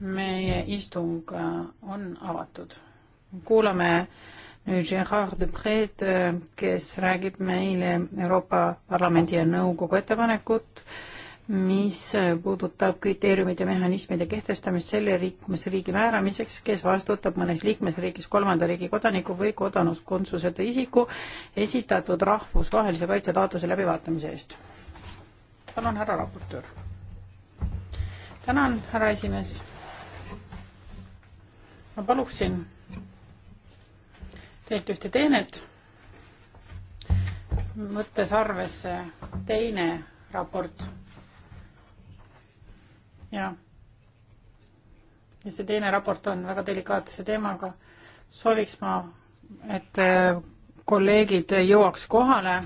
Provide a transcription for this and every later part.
meie istung äh, on avatud. kuulame nüüd Gerard Depret, äh, kes räägib meile Euroopa Parlamendi ja Nõukogu ettepanekut, mis äh, puudutab kriteeriumide mehhanismide kehtestamist selle liikmesriigi määramiseks, kes vastutab mõnes liikmesriigis kolmanda riigi kodaniku või kodakondsuseta isiku esitatud rahvusvahelise kaitse taotluse läbivaatamise eest. palun, härra raportöör tänan, härra esimees. ma paluksin teilt ühte teenet, võttes arvesse teine raport. ja, ja see teine raport on väga delikaatse teemaga. sooviks ma, et äh, kolleegid jõuaks kohale,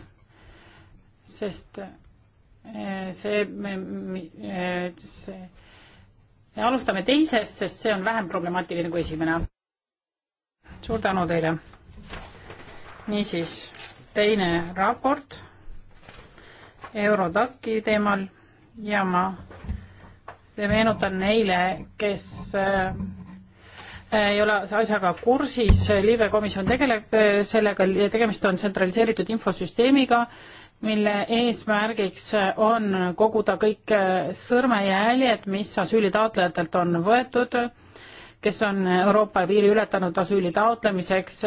sest äh, see, äh, see alustame teisest, sest see on vähem problemaatiline kui esimene. suur tänu teile. niisiis, teine raport Eurodaki teemal ja ma meenutan neile, kes äh, ei ole asjaga kursis, liivekomisjon tegeleb äh, sellega, tegemist on tsentraliseeritud infosüsteemiga mille eesmärgiks on koguda kõik sõrmejäljed, mis asüülitaotlejatelt on võetud, kes on Euroopa piiri ületanud asüüli taotlemiseks,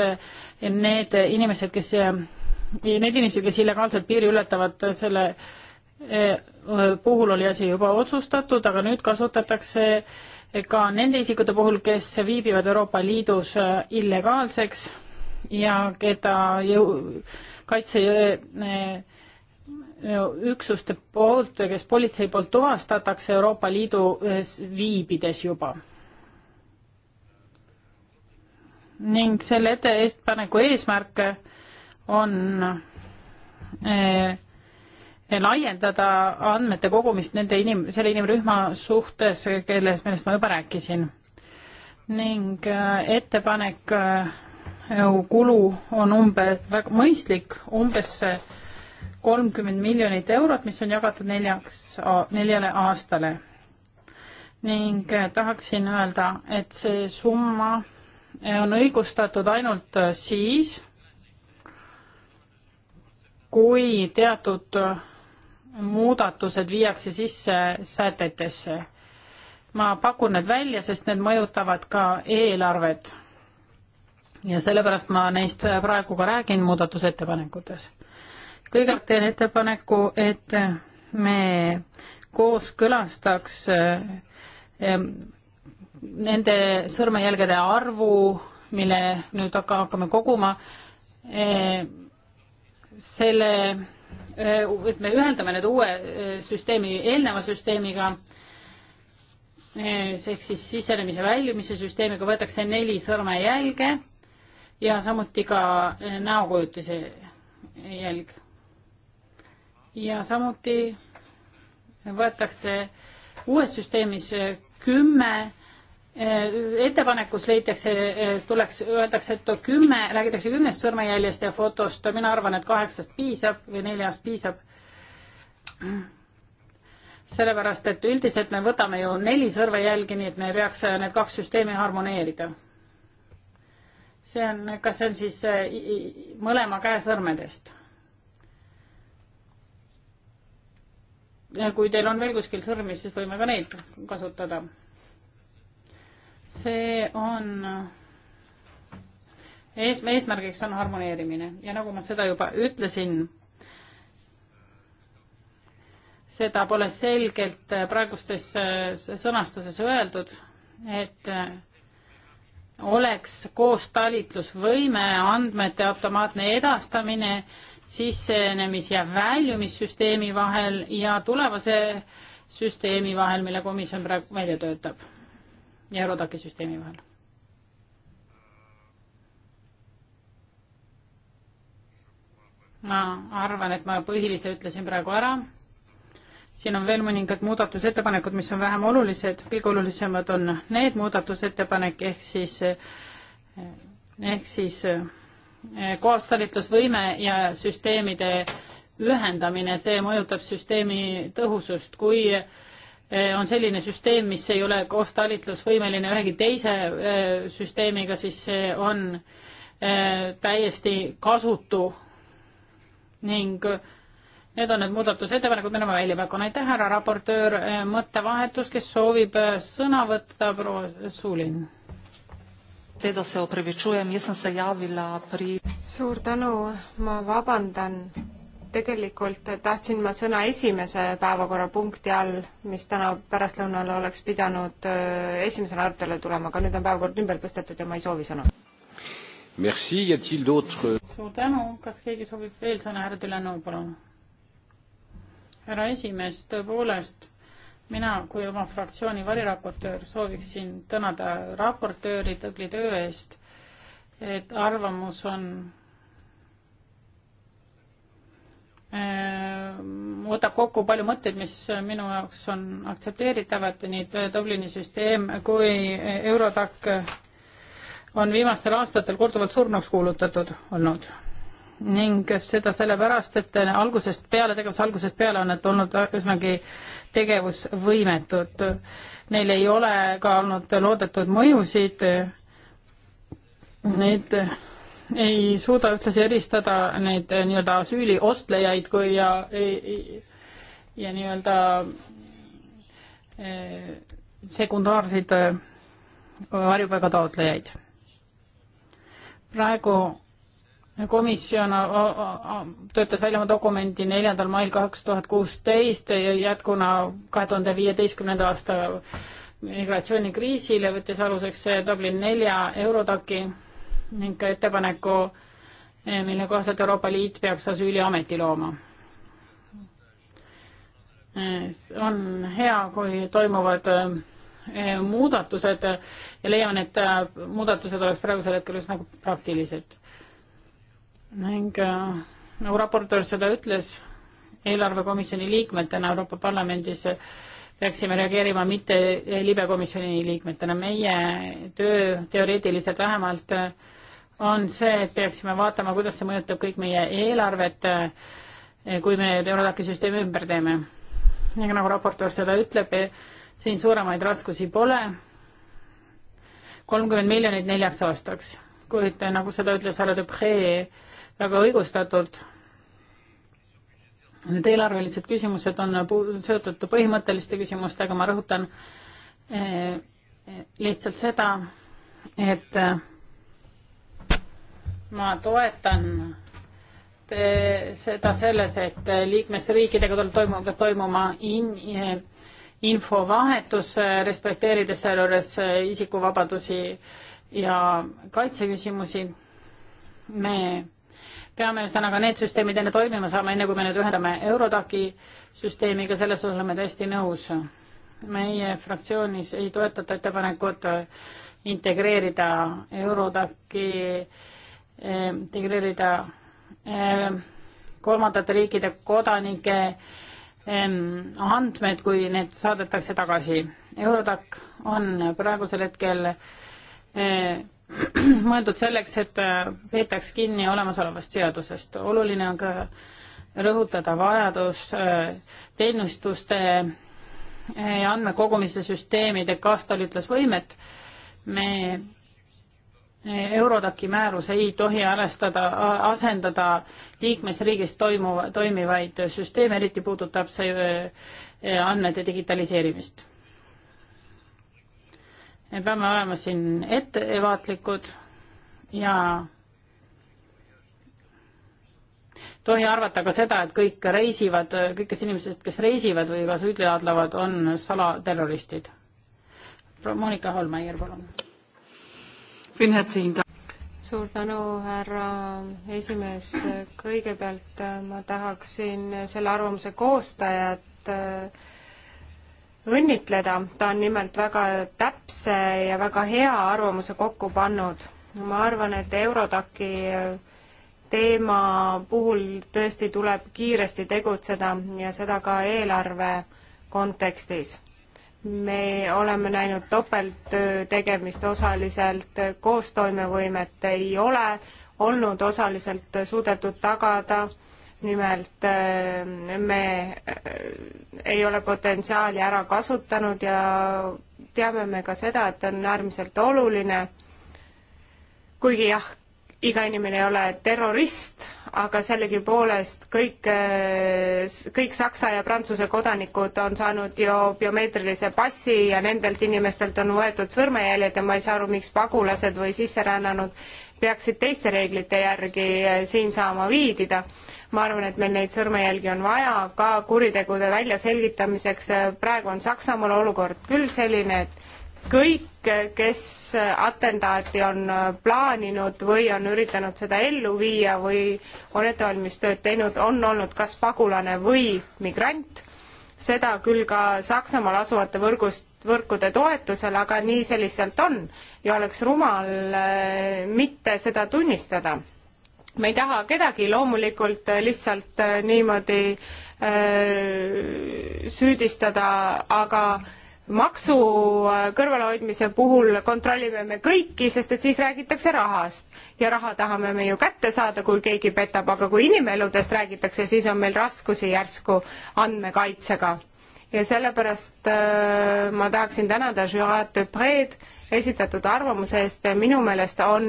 need inimesed, kes, need inimesed, kes illegaalselt piiri ületavad, selle e, puhul oli asi juba otsustatud, aga nüüd kasutatakse ka nende isikute puhul, kes viibivad Euroopa Liidus illegaalseks ja keda jõu, kaitse e, üksuste poolt, kes politsei poolt tuvastatakse Euroopa Liidu eh, viibides juba. ning selle ettepaneku eesmärk on eh, laiendada andmete kogumist nende inim-, selle inimrühma suhtes, kellest, millest ma juba rääkisin. ning eh, ettepanek eh, kulu on umbe-, väga mõistlik, umbes kolmkümmend miljonit eurot, mis on jagatud neljaks, neljale aastale. ning äh, tahaksin öelda, et see summa äh, on õigustatud ainult äh, siis, kui teatud muudatused viiakse sisse sätetesse. ma pakun need välja, sest need mõjutavad ka eelarvet. ja sellepärast ma neist praegu ka räägin muudatusettepanekutes kõigepealt teen ettepaneku, et me kooskõlastaks eh, nende sõrmejälgede arvu, mille nüüd hakkame koguma, eh, selle, eh, et me ühendame nüüd uue süsteemi eelneva süsteemiga, ehk siis sisenemise väljumise süsteemiga võetakse neli sõrmejälge ja samuti ka näokujutise jälg ja samuti võetakse uues süsteemis eh, kümme eh, ettepanekus leitakse, eh, tuleks, öeldakse, et kümme, räägitakse kümnest sõrmejäljest ja fotost, mina arvan, et kaheksast piisab või neljast piisab. sellepärast, et üldiselt me võtame ju neli sõrmejälgi, nii et me peaks need kaks süsteemi harmoneerida. see on, kas see on siis mõlema käe sõrmedest? kui teil on veel kuskil sõrmi, siis võime ka neid kasutada. see on, ees, eesmärgiks on harmoneerimine ja nagu ma seda juba ütlesin, seda pole selgelt praegustes sõnastuses öeldud, et oleks koostalitlusvõime, andmete automaatne edastamine sissenemis- ja väljumissüsteemi vahel ja tulevase süsteemi vahel, mille komisjon praegu välja töötab, Eurodaki süsteemi vahel. ma arvan, et ma põhilise ütlesin praegu ära siin on veel mõningad muudatusettepanekud, mis on vähem olulised, kõige olulisemad on need muudatusettepanek ehk siis, ehk siis eh, koostalitlusvõime ja süsteemide ühendamine, see mõjutab süsteemi tõhusust, kui eh, on selline süsteem, mis ei ole koostalitlusvõimeline ühegi teise eh, süsteemiga, siis see on täiesti kasutu ning äh, Need on need muudatusettepanekud, mille ma välja pakun. aitäh, härra raportöör, eh, mõttevahetus, kes soovib eh, sõna võtta, proua Suulin. suur tänu, ma vabandan. tegelikult tahtsin ma sõna esimese päevakorrapunkti all, mis täna pärastlõunal oleks pidanud eh, esimesena arutelule tulema, aga nüüd on päevakord ümber tõstetud ja ma ei soovi sõna. Merci, y a-t-il d'autres? suur tänu, kas keegi soovib veel sõna, härra Tülenoo, palun härra esimees, tõepoolest, mina kui oma fraktsiooni variraportöör sooviksin tänada raportööri tubli töö eest, et arvamus on äh, võtab kokku palju mõtteid, mis minu jaoks on aktsepteeritavad, nii Dublini süsteem kui Eurodac on viimastel aastatel korduvalt surnuks kuulutatud olnud ning seda sellepärast, et algusest peale, tegevuse algusest peale on nad olnud üsnagi tegevusvõimetud. Neil ei ole ka olnud loodetud mõjusid. Neid ei suuda ühtlasi eristada neid nii-öelda asüüli ostlejaid kui ja, ja, ja nii-öelda eh, sekundaarseid eh, varjupaiga taotlejaid. praegu komisjon töötas välja oma dokumendi neljandal mail kaks tuhat kuusteist jätkuna kahe tuhande viieteistkümnenda aasta migratsioonikriisile, võttes aluseks Dublin nelja Eurodaki ning ettepaneku, eh, mille kohaselt Euroopa Liit peaks asüüliameti looma. Eh, on hea, kui toimuvad eh, muudatused ja leian, et muudatused oleks praegusel hetkel üsna praktilised ning äh, nagu raportöör seda ütles, eelarvekomisjoni liikmetena Euroopa Parlamendis äh, peaksime reageerima mitte äh, libekomisjoni liikmetena, meie töö teoreetiliselt vähemalt on see, et peaksime vaatama, kuidas see mõjutab kõik meie eelarvet, kui me Eurodaki süsteemi ümber teeme. ja nagu raportöör seda ütleb, siin suuremaid raskusi pole, kolmkümmend miljonit neljaks aastaks, kuid nagu seda ütles härra Dupree, väga õigustatult. Need eelarvelised küsimused on seotud põhimõtteliste küsimustega, ma rõhutan eh, lihtsalt seda, et eh, ma toetan seda selles, et liikmesriikidega tuleb toimuma, peab toimuma in-, eh, infovahetus, eh, respekteerides sealjuures isikuvabadusi ja kaitseküsimusi. me peame ühesõnaga need süsteemid enne toimima saama, enne kui me need ühendame Eurodaki süsteemiga, selles oleme täiesti nõus. meie fraktsioonis ei toetata ettepanekut integreerida Eurodaki, eh, integreerida eh, kolmandate riikide kodanike eh, andmed, kui need saadetakse tagasi. Eurodac on praegusel hetkel mõeldud selleks, et äh, peetaks kinni olemasolevast seadusest. oluline on ka rõhutada vajadus äh, teenistuste äh, ja andmekogumise süsteemide kaastalitlusvõimet. me Eurodaki määrus ei tohi arvestada, asendada liikmesriigis toimu, toimivaid süsteeme, eriti puudutab see andmete digitaliseerimist me peame olema siin ettevaatlikud ja tohi arvata ka seda, et kõik reisivad, kõik, kes inimesed, kes reisivad või ka süüdilaadlevad, on salaterroristid. Monika Holmeier, palun. suur tänu, härra esimees. kõigepealt ma tahaksin selle arvamuse koostajat äh, õnnitleda, ta on nimelt väga täpse ja väga hea arvamuse kokku pannud. ma arvan, et Eurodaki teema puhul tõesti tuleb kiiresti tegutseda ja seda ka eelarve kontekstis. me oleme näinud topelttöö tegemist osaliselt, koostoimevõimet ei ole olnud, osaliselt suudetud tagada nimelt äh, me äh, ei ole potentsiaali ära kasutanud ja teame me ka seda, et on äärmiselt oluline, kuigi jah, iga inimene ei ole terrorist, aga sellegipoolest kõik, äh, kõik Saksa ja Prantsuse kodanikud on saanud ju biomeetrilise passi ja nendelt inimestelt on võetud sõrmejäljed ja ma ei saa aru, miks pagulased või sisserännanud peaksid teiste reeglite järgi siin saama viibida ma arvan, et meil neid sõrmejälgi on vaja ka kuritegude väljaselgitamiseks. praegu on Saksamaal olukord küll selline, et kõik, kes atendaati on plaaninud või on üritanud seda ellu viia või on ettevalmistööd teinud, on olnud kas pagulane või migrant seda küll ka Saksamaal asuvate võrgust, võrkude toetusel, aga nii see lihtsalt on ja oleks rumal eh, mitte seda tunnistada me ei taha kedagi loomulikult äh, lihtsalt äh, niimoodi öö, äh, süüdistada, aga maksu kõrvalehoidmise puhul kontrollime me kõiki, sest et siis räägitakse rahast ja raha tahame me ju kätte saada, kui keegi petab, aga kui inimeludest räägitakse, siis on meil raskusi järsku andmekaitsega. ja sellepärast äh, ma tahaksin tänada Jurate Preed esitatud arvamuse eest, minu meelest on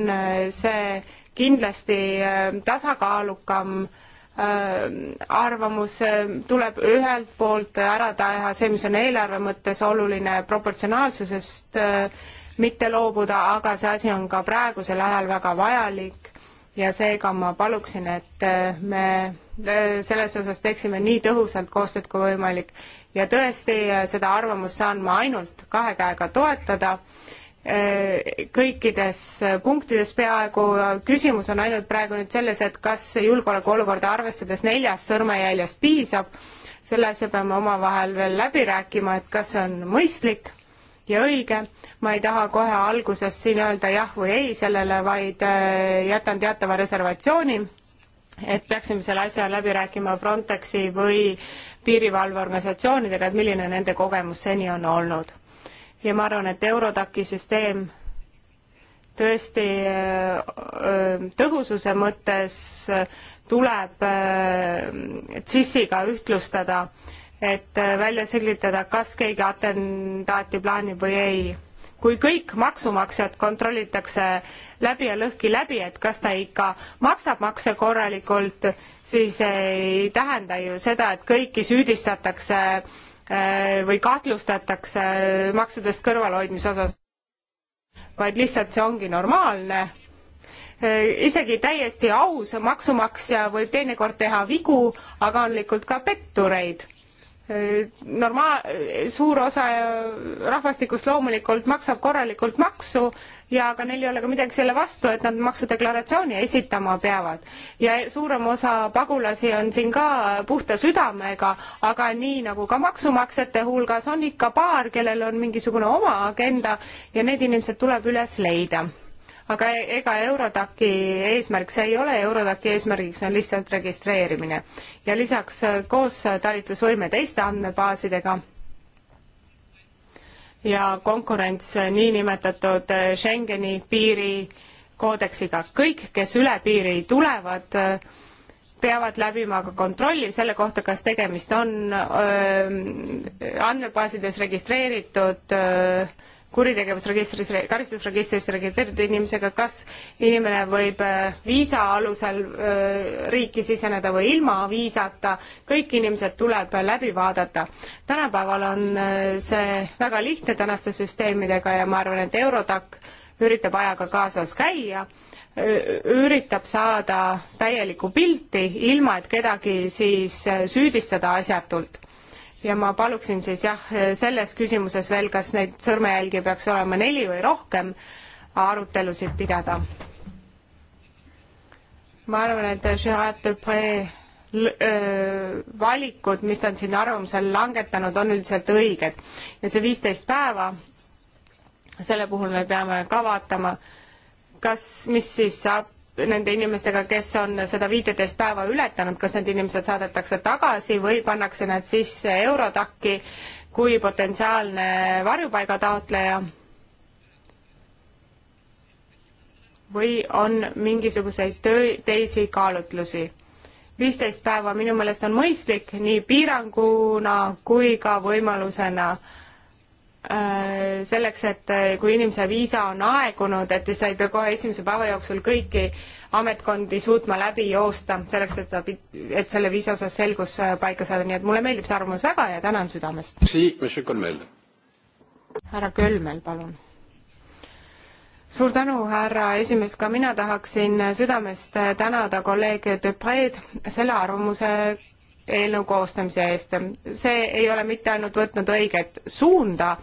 see kindlasti äh, tasakaalukam äh, arvamus äh, tuleb ühelt poolt ära teha see, mis on eelarve mõttes oluline proportsionaalsusest mitte loobuda, aga see asi on ka praegusel ajal väga vajalik ja seega ma paluksin, et me selles osas teeksime nii tõhusalt koostööd kui võimalik. ja tõesti, seda arvamust saan ma ainult kahe käega toetada Äh, kõikides punktides peaaegu, küsimus on ainult praegu nüüd selles, et kas julgeolekuolukorda arvestades neljast sõrmejäljest piisab, selle asja peame omavahel veel läbi rääkima, et kas see on mõistlik ja õige, ma ei taha kohe alguses siin öelda jah või ei sellele, vaid äh, jätan teatava reservatsiooni, et peaksime selle asja läbi rääkima Frontexi või piirivalveorganisatsioonidega, et milline nende kogemus seni on olnud ja ma arvan, et Eurodaki süsteem tõesti tõhususe mõttes tuleb CIS-iga ühtlustada, et välja selgitada, kas keegi atentaati plaanib või ei. kui kõik maksumaksjad kontrollitakse läbi ja lõhki läbi, et kas ta ikka maksab makse korralikult, siis ei tähenda ju seda, et kõiki süüdistatakse äh, Äh, või kahtlustatakse maksudest kõrvalehoidmise osas, vaid lihtsalt see ongi normaalne. Äh, isegi täiesti aus maksumaksja võib teinekord teha vigu, aga on liikult ka pettureid normaal-, suur osa rahvastikust loomulikult maksab korralikult maksu ja ka neil ei ole ka midagi selle vastu, et nad maksudeklaratsiooni esitama peavad. ja suurem osa pagulasi on siin ka puhta südamega, aga nii nagu ka maksumaksjate hulgas on ikka paar, kellel on mingisugune oma agenda ja need inimesed tuleb üles leida aga e-, ega Eurodaki eesmärk see ei ole, Eurodaki eesmärgiks on lihtsalt registreerimine. ja lisaks äh, koos äh, talitlusvõime teiste andmebaasidega ja konkurents äh, niinimetatud Schengeni piirikoodeksiga, kõik, kes üle piiri tulevad, peavad läbima ka kontrolli selle kohta, kas tegemist on öö, andmebaasides registreeritud öö, kuritegevusregistris, karistusregistris registreeritud inimesega, kas inimene võib äh, viisa alusel äh, riiki siseneda või ilma viisata, kõik inimesed tuleb läbi vaadata. tänapäeval on äh, see väga lihtne tänaste süsteemidega ja ma arvan, et Eurotac üritab ajaga kaasas käia, üritab saada täielikku pilti, ilma et kedagi siis süüdistada asjatult ja ma paluksin siis jah, selles küsimuses veel, kas neid sõrmejälgi peaks olema neli või rohkem, arutelusid pidada. ma arvan, et Gerard Dupre äh, valikud, mis ta on siin arvamusel langetanud, on üldiselt õiged. ja see viisteist päeva, selle puhul me peame ka vaatama, kas, mis siis saab nende inimestega, kes on seda viiteist päeva ületanud, kas need inimesed saadetakse tagasi või pannakse nad sisse Eurodaki kui potentsiaalne varjupaiga taotleja? või on mingisuguseid töö, teisi kaalutlusi? viisteist päeva minu meelest on mõistlik nii piiranguna kui ka võimalusena äh, Äh, selleks, et äh, kui inimese viisa on aegunud, et siis ta ei pea kohe esimese päeva jooksul kõiki ametkondi suutma läbi joosta, selleks et ta, et selle viisa osas selgus äh, paika saada, nii et mulle meeldib see arvamus väga ja tänan südamest. härra Kölmel, palun. suur tänu, härra esimees, ka mina tahaksin südamest tänada kolleeg Dupreid selle arvamuse eelnõu koostamise eest. see ei ole mitte ainult võtnud õiget suunda,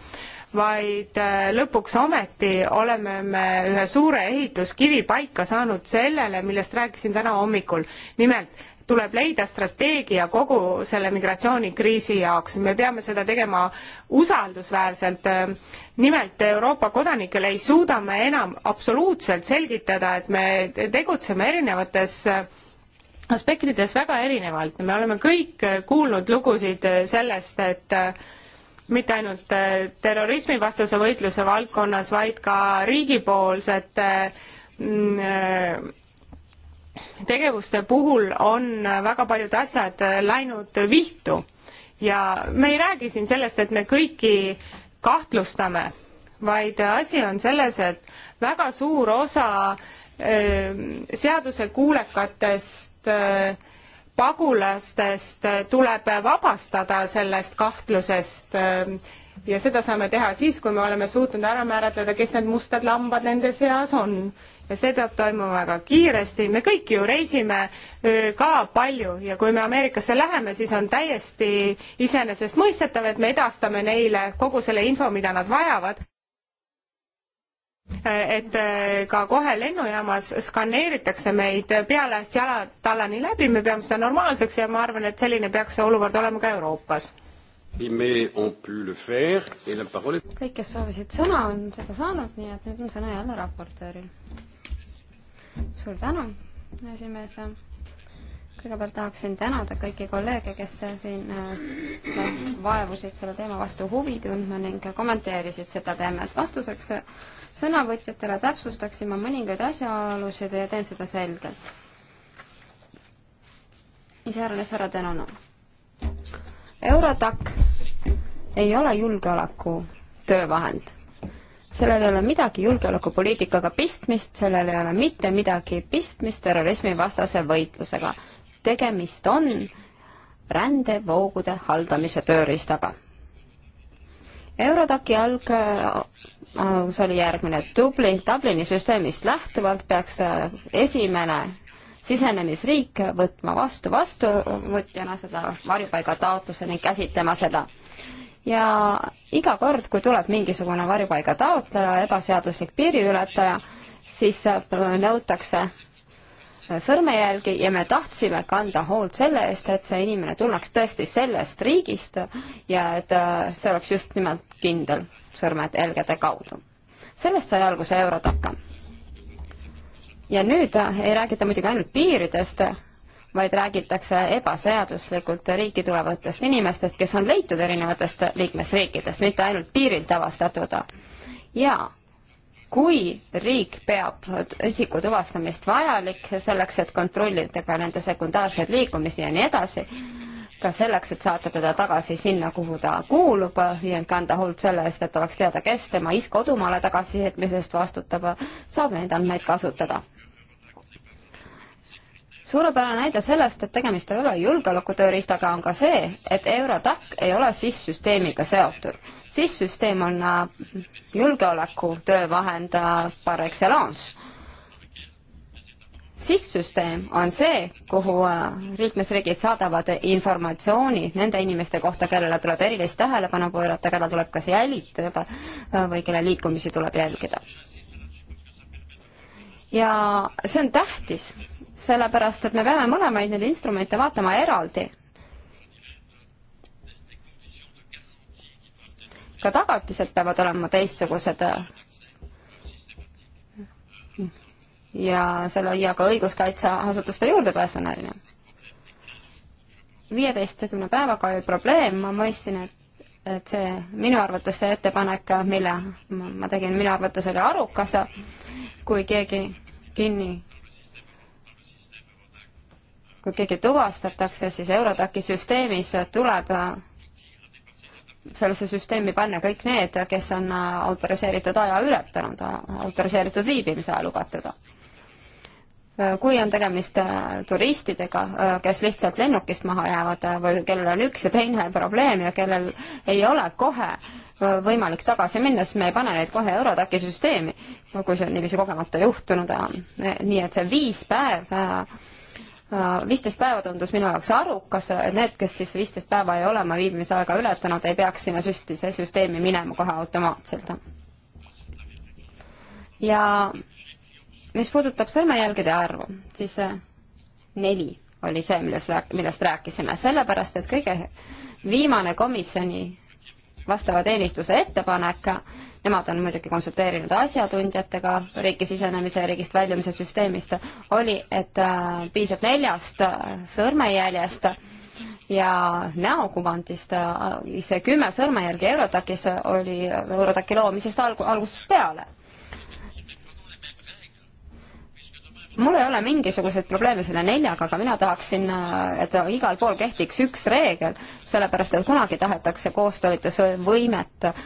vaid äh, lõpuks ometi oleme me ühe suure ehituskivi paika saanud sellele, millest rääkisin täna hommikul. nimelt tuleb leida strateegia kogu selle migratsioonikriisi jaoks. me peame seda tegema usaldusväärselt. nimelt Euroopa kodanikele ei suuda me enam absoluutselt selgitada, et me tegutseme erinevates aspektides väga erinevalt. me oleme kõik kuulnud lugusid sellest, et äh, mitte ainult äh, terrorismivastase võitluse valdkonnas, vaid ka riigipoolsete mm, äh, tegevuste puhul on väga paljud asjad läinud viltu ja me ei räägi siin sellest, et me kõiki kahtlustame, vaid asi on selles, et väga suur osa äh, Ehm, seadusekuulekatest eh, pagulastest eh, tuleb vabastada sellest kahtlusest ehm, ja seda saame teha siis, kui me oleme suutnud ära määratleda, kes need mustad lambad nende seas on. ja see peab toimuma väga kiiresti, me kõik ju reisime eh, ka palju ja kui me Ameerikasse läheme, siis on täiesti iseenesestmõistetav, et me edastame neile kogu selle info, mida nad vajavad et äh, ka kohe lennujaamas skaneeritakse meid pealehäst jala tallani läbi, me peame seda normaalseks ja ma arvan, et selline peaks see olukord olema ka Euroopas. kõik, kes soovisid sõna, on seda saanud, nii et nüüd on sõna jälle raportööril. suur tänu, esimees kõigepealt tahaksin tänada kõiki kolleege, kes siin äh, vaevusid selle teema vastu huvi tundma ning kommenteerisid seda teemat. vastuseks sõnavõtjatele täpsustaksin ma mõningaid asjaolusid ja teen seda selgelt. iseäranis härra Tenona. Eurotac ei ole julgeoleku töövahend sellel ei ole midagi julgeolekupoliitikaga pistmist, sellel ei ole mitte midagi pistmist terrorismivastase võitlusega tegemist on rändevoogude haldamise tööriistaga. Eurodaki alg see oli järgmine, Dublin, Dublini süsteemist lähtuvalt peaks esimene sisenemisriik võtma vastu vastuvõtjana seda varjupaigataotluse ning käsitlema seda. ja iga kord, kui tuleb mingisugune varjupaigataotleja, ebaseaduslik piiriületaja, siis nõutakse sõrmejälgi ja me tahtsime kanda hoolt selle eest, et see inimene tunneks tõesti sellest riigist ja et äh, see oleks just nimelt kindel sõrmejälgede kaudu. sellest sai alguse Eurodaka. ja nüüd äh, ei räägita muidugi ainult piiridest, vaid räägitakse ebaseaduslikult riiki tulevatest inimestest, kes on leitud erinevatest liikmesriikidest, mitte ainult piiril tavastatud. ja kui riik peab isiku tuvastamist vajalik selleks, et kontrollida ka nende sekundaarseid liikumisi ja nii edasi, ka selleks, et saata teda tagasi sinna, kuhu ta kuulub ja kanda hoolt selle eest, et oleks teada, kes tema is kodumaale tagasijätmisest vastutab, saab neid andmeid kasutada suurepärane näide sellest, et tegemist ei ole julgeolekutööriistaga, on ka see, et Eurotac ei ole SIS-süsteemiga seotud. SIS-süsteem on äh, julgeolekutöövahend äh, par excellence. SIS-süsteem on see, kuhu äh, liikmesriigid saadavad informatsiooni nende inimeste kohta, kellele tuleb erilist tähelepanu pöörata, keda tuleb kas jälitada või kelle liikumisi tuleb jälgida. ja see on tähtis sellepärast et me peame mõlemaid neid instrumente vaatama eraldi. ka tagatised peavad olema teistsugused. ja selle, ja ka õiguskaitseasutuste juurdepääs on erinev. viieteistkümne päevaga oli probleem, ma mõistsin, et et see, minu arvates see ettepanek, mille ma tegin, minu arvates oli arukas, kui keegi kinni kui keegi tuvastatakse, siis Eurotaki süsteemis tuleb äh, sellesse süsteemi panna kõik need, kes on äh, autoriseeritud aja ületanud, autoriseeritud viibimise aja lubatud. Äh, kui on tegemist turistidega, kes lihtsalt lennukist maha jäävad või kellel on üks ja teine probleem ja kellel ei ole kohe võimalik tagasi minna, siis me ei pane neid kohe Eurotaki süsteemi, kui see on niiviisi kogemata juhtunud. nii et see viis päeva Äh, viisteist päeva tundus minu jaoks arukas, et need, kes siis viisteist päeva ei ole oma viibimisaega ületanud, ei peaks sinna süstise süsteemi minema kohe automaatselt. ja mis puudutab sõrmejälgede arvu, siis äh, neli oli see, milles, millest rääkisime, sellepärast et kõige viimane komisjoni vastava teenistuse ettepanek nemad on muidugi konsulteerinud asjatundjatega riiki sisenemise ja riigist väljumise süsteemist, oli, et äh, piisab neljast äh, sõrmejäljest ja näokuvandist, äh, see kümme sõrmejälge Eurotakis oli Eurotaki loomisest alg-, algusest peale mul ei ole mingisuguseid probleeme selle neljaga, aga mina tahaksin, et igal pool kehtiks üks reegel, sellepärast et kunagi tahetakse koostalitusvõimet äh,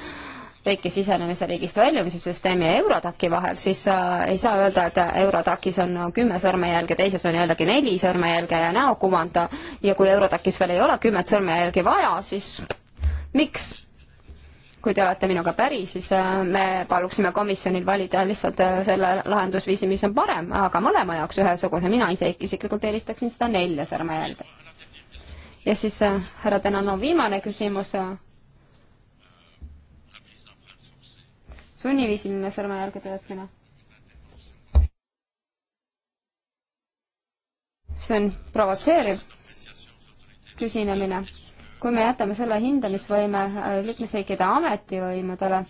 riiki sisenemise riigist väljumise süsteemi ja Eurodaki vahel, siis äh, ei saa öelda, et Eurodakis on kümme sõrmejälge, teises on jällegi neli sõrmejälge ja näokuvand ja kui Eurodakis veel ei ole kümmet sõrmejälgi vaja, siis miks? kui te olete minuga päri, siis äh, me paluksime komisjonil valida lihtsalt äh, selle lahendusviisi, mis on parem, aga mõlema jaoks ühesuguse, mina ise isiklikult eelistaksin seda nelja sõrmejälge. ja siis härra Tänan, no viimane küsimus sunniviisiline sõrmejälgede jätmine. see on provotseeriv küsinemine. kui me jätame selle hindamisvõime äh, liikmesriikide ametivõimudele,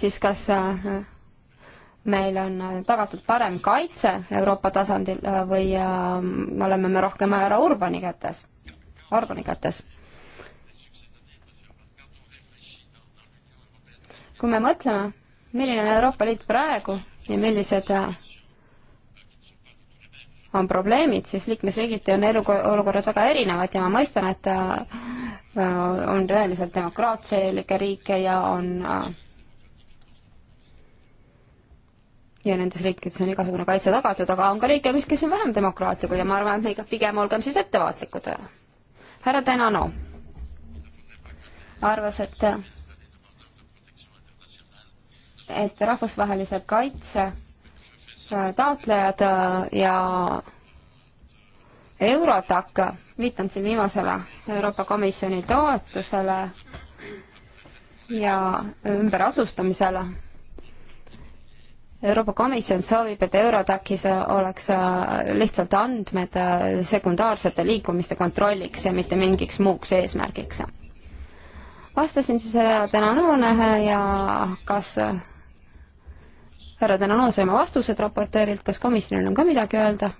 siis kas äh, meil on äh, tagatud parem kaitse Euroopa tasandil või oleme me rohkem härra Urbani kätes, Orbani kätes? kui me mõtleme, milline on Euroopa Liit praegu ja millised äh, on probleemid, siis liikmesriigiti on elu, olukorrad väga erinevad ja ma mõistan, et äh, äh, on tõeliselt demokraatlikke riike ja on ja nendes riikides on igasugune kaitse tagatud, aga on ka riike, mis, kes on vähem demokraatlikud ja ma arvan, et me ikka pigem olgem siis ettevaatlikud. härra Tänano arvas, et et rahvusvahelise kaitse äh, taotlejad äh, ja Eurotac, viitan siin viimasele Euroopa Komisjoni toetusele ja ümberasustamisele. Euroopa Komisjon soovib, et Eurotacis oleks äh, lihtsalt andmed sekundaarsete liikumiste kontrolliks ja mitte mingiks muuks eesmärgiks. vastasin siis Tänan Õune ja kas härra Tänano, saime vastused raportöörilt, kas komisjonil on ka midagi öelda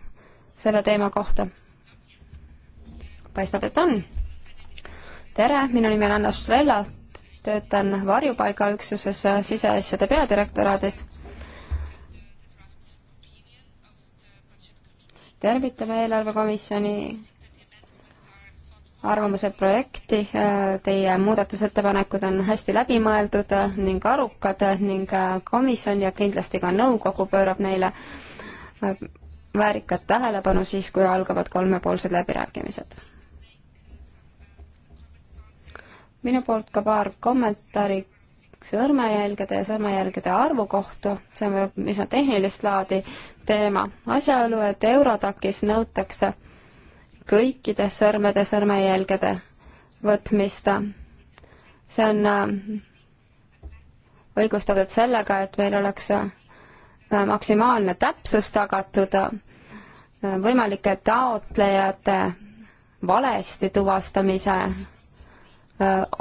selle teema kohta? paistab, et on. tere, minu nimi on Anna Šrella, töötan varjupaigaüksuses siseasjade peadirektoraadis. tervitame eelarvekomisjoni arvamuse projekti. Teie muudatusettepanekud on hästi läbimõeldud ning arukad ning komisjon ja kindlasti ka nõukogu pöörab neile väärikat tähelepanu siis, kui algavad kolmepoolsed läbirääkimised. minu poolt ka paar kommentaari sõrmejälgede ja sõrmejälgede arvu kohta, see on üsna tehnilist laadi teema. asjaolu, et Eurodacis nõutakse kõikide sõrmede sõrmejälgede võtmist. see on äh, õigustatud sellega, et meil oleks äh, maksimaalne täpsus tagatud äh, võimalike taotlejate valesti tuvastamise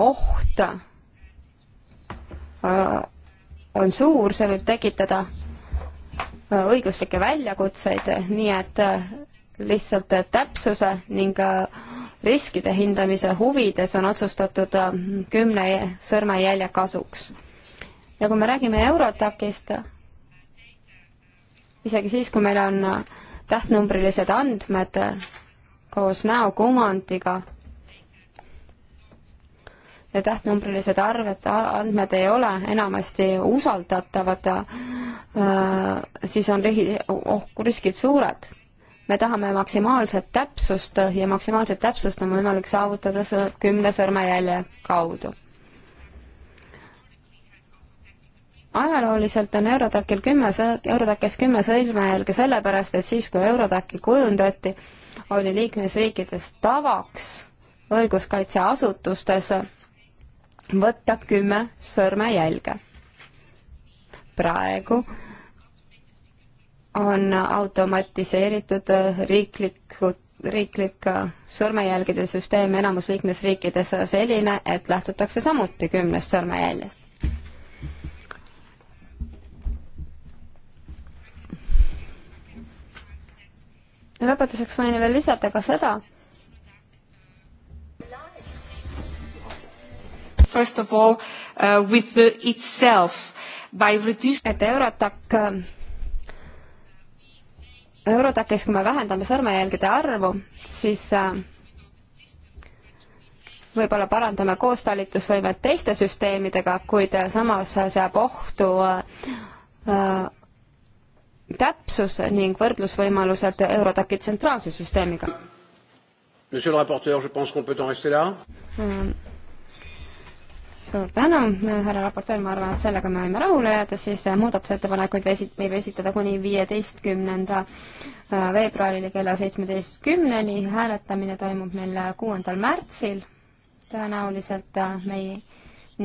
oht on suur, see võib tekitada õiguslikke väljakutseid, nii et lihtsalt täpsuse ning äh, riskide hindamise huvides on otsustatud äh, kümne sõrmejälje kasuks. ja kui me räägime Eurotakist, isegi siis, kui meil on äh, tähtnumbrilised andmed koos näokumandiga ja tähtnumbrilised arved, andmed ei ole enamasti usaldatavad, siis on rihi, oh, riskid suured me tahame maksimaalset täpsust ja maksimaalset täpsust on võimalik saavutada kümne sõrmejälje kaudu. ajalooliselt on Eurodacil kümme, Eurodacis kümme sõrmejälge sellepärast, et siis, kui Eurodaci kujundati, oli liikmesriikides tavaks õiguskaitseasutustes võtta kümme sõrmejälge. praegu on automatiseeritud riiklikud riiklik sõrmejälgede süsteem enamus liikmesriikides selline, et lähtutakse samuti kümnest sõrmejäljest. lõpetuseks võin veel lisada ka seda, First of all uh, with the itself by reducing et Eurotac uh, Eurodacis, kui me vähendame sõrmejälgede arvu, siis äh, võib-olla parandame koostalitusvõimet teiste süsteemidega, kuid äh, samas äh, seab ohtu täpsus ning võrdlusvõimalused Eurodaci tsentraalse süsteemiga. Monsieur le rapporteur, je pense qu'on peut en rester là suur tänu, härra raportöör, ma arvan, et sellega me võime rahule jääda, siis äh, muudatusettepanekuid esit-, võib esitada kuni viieteistkümnenda äh, veebruarini kella seitsmeteistkümneni, hääletamine toimub meil äh, kuuendal märtsil tõenäoliselt meie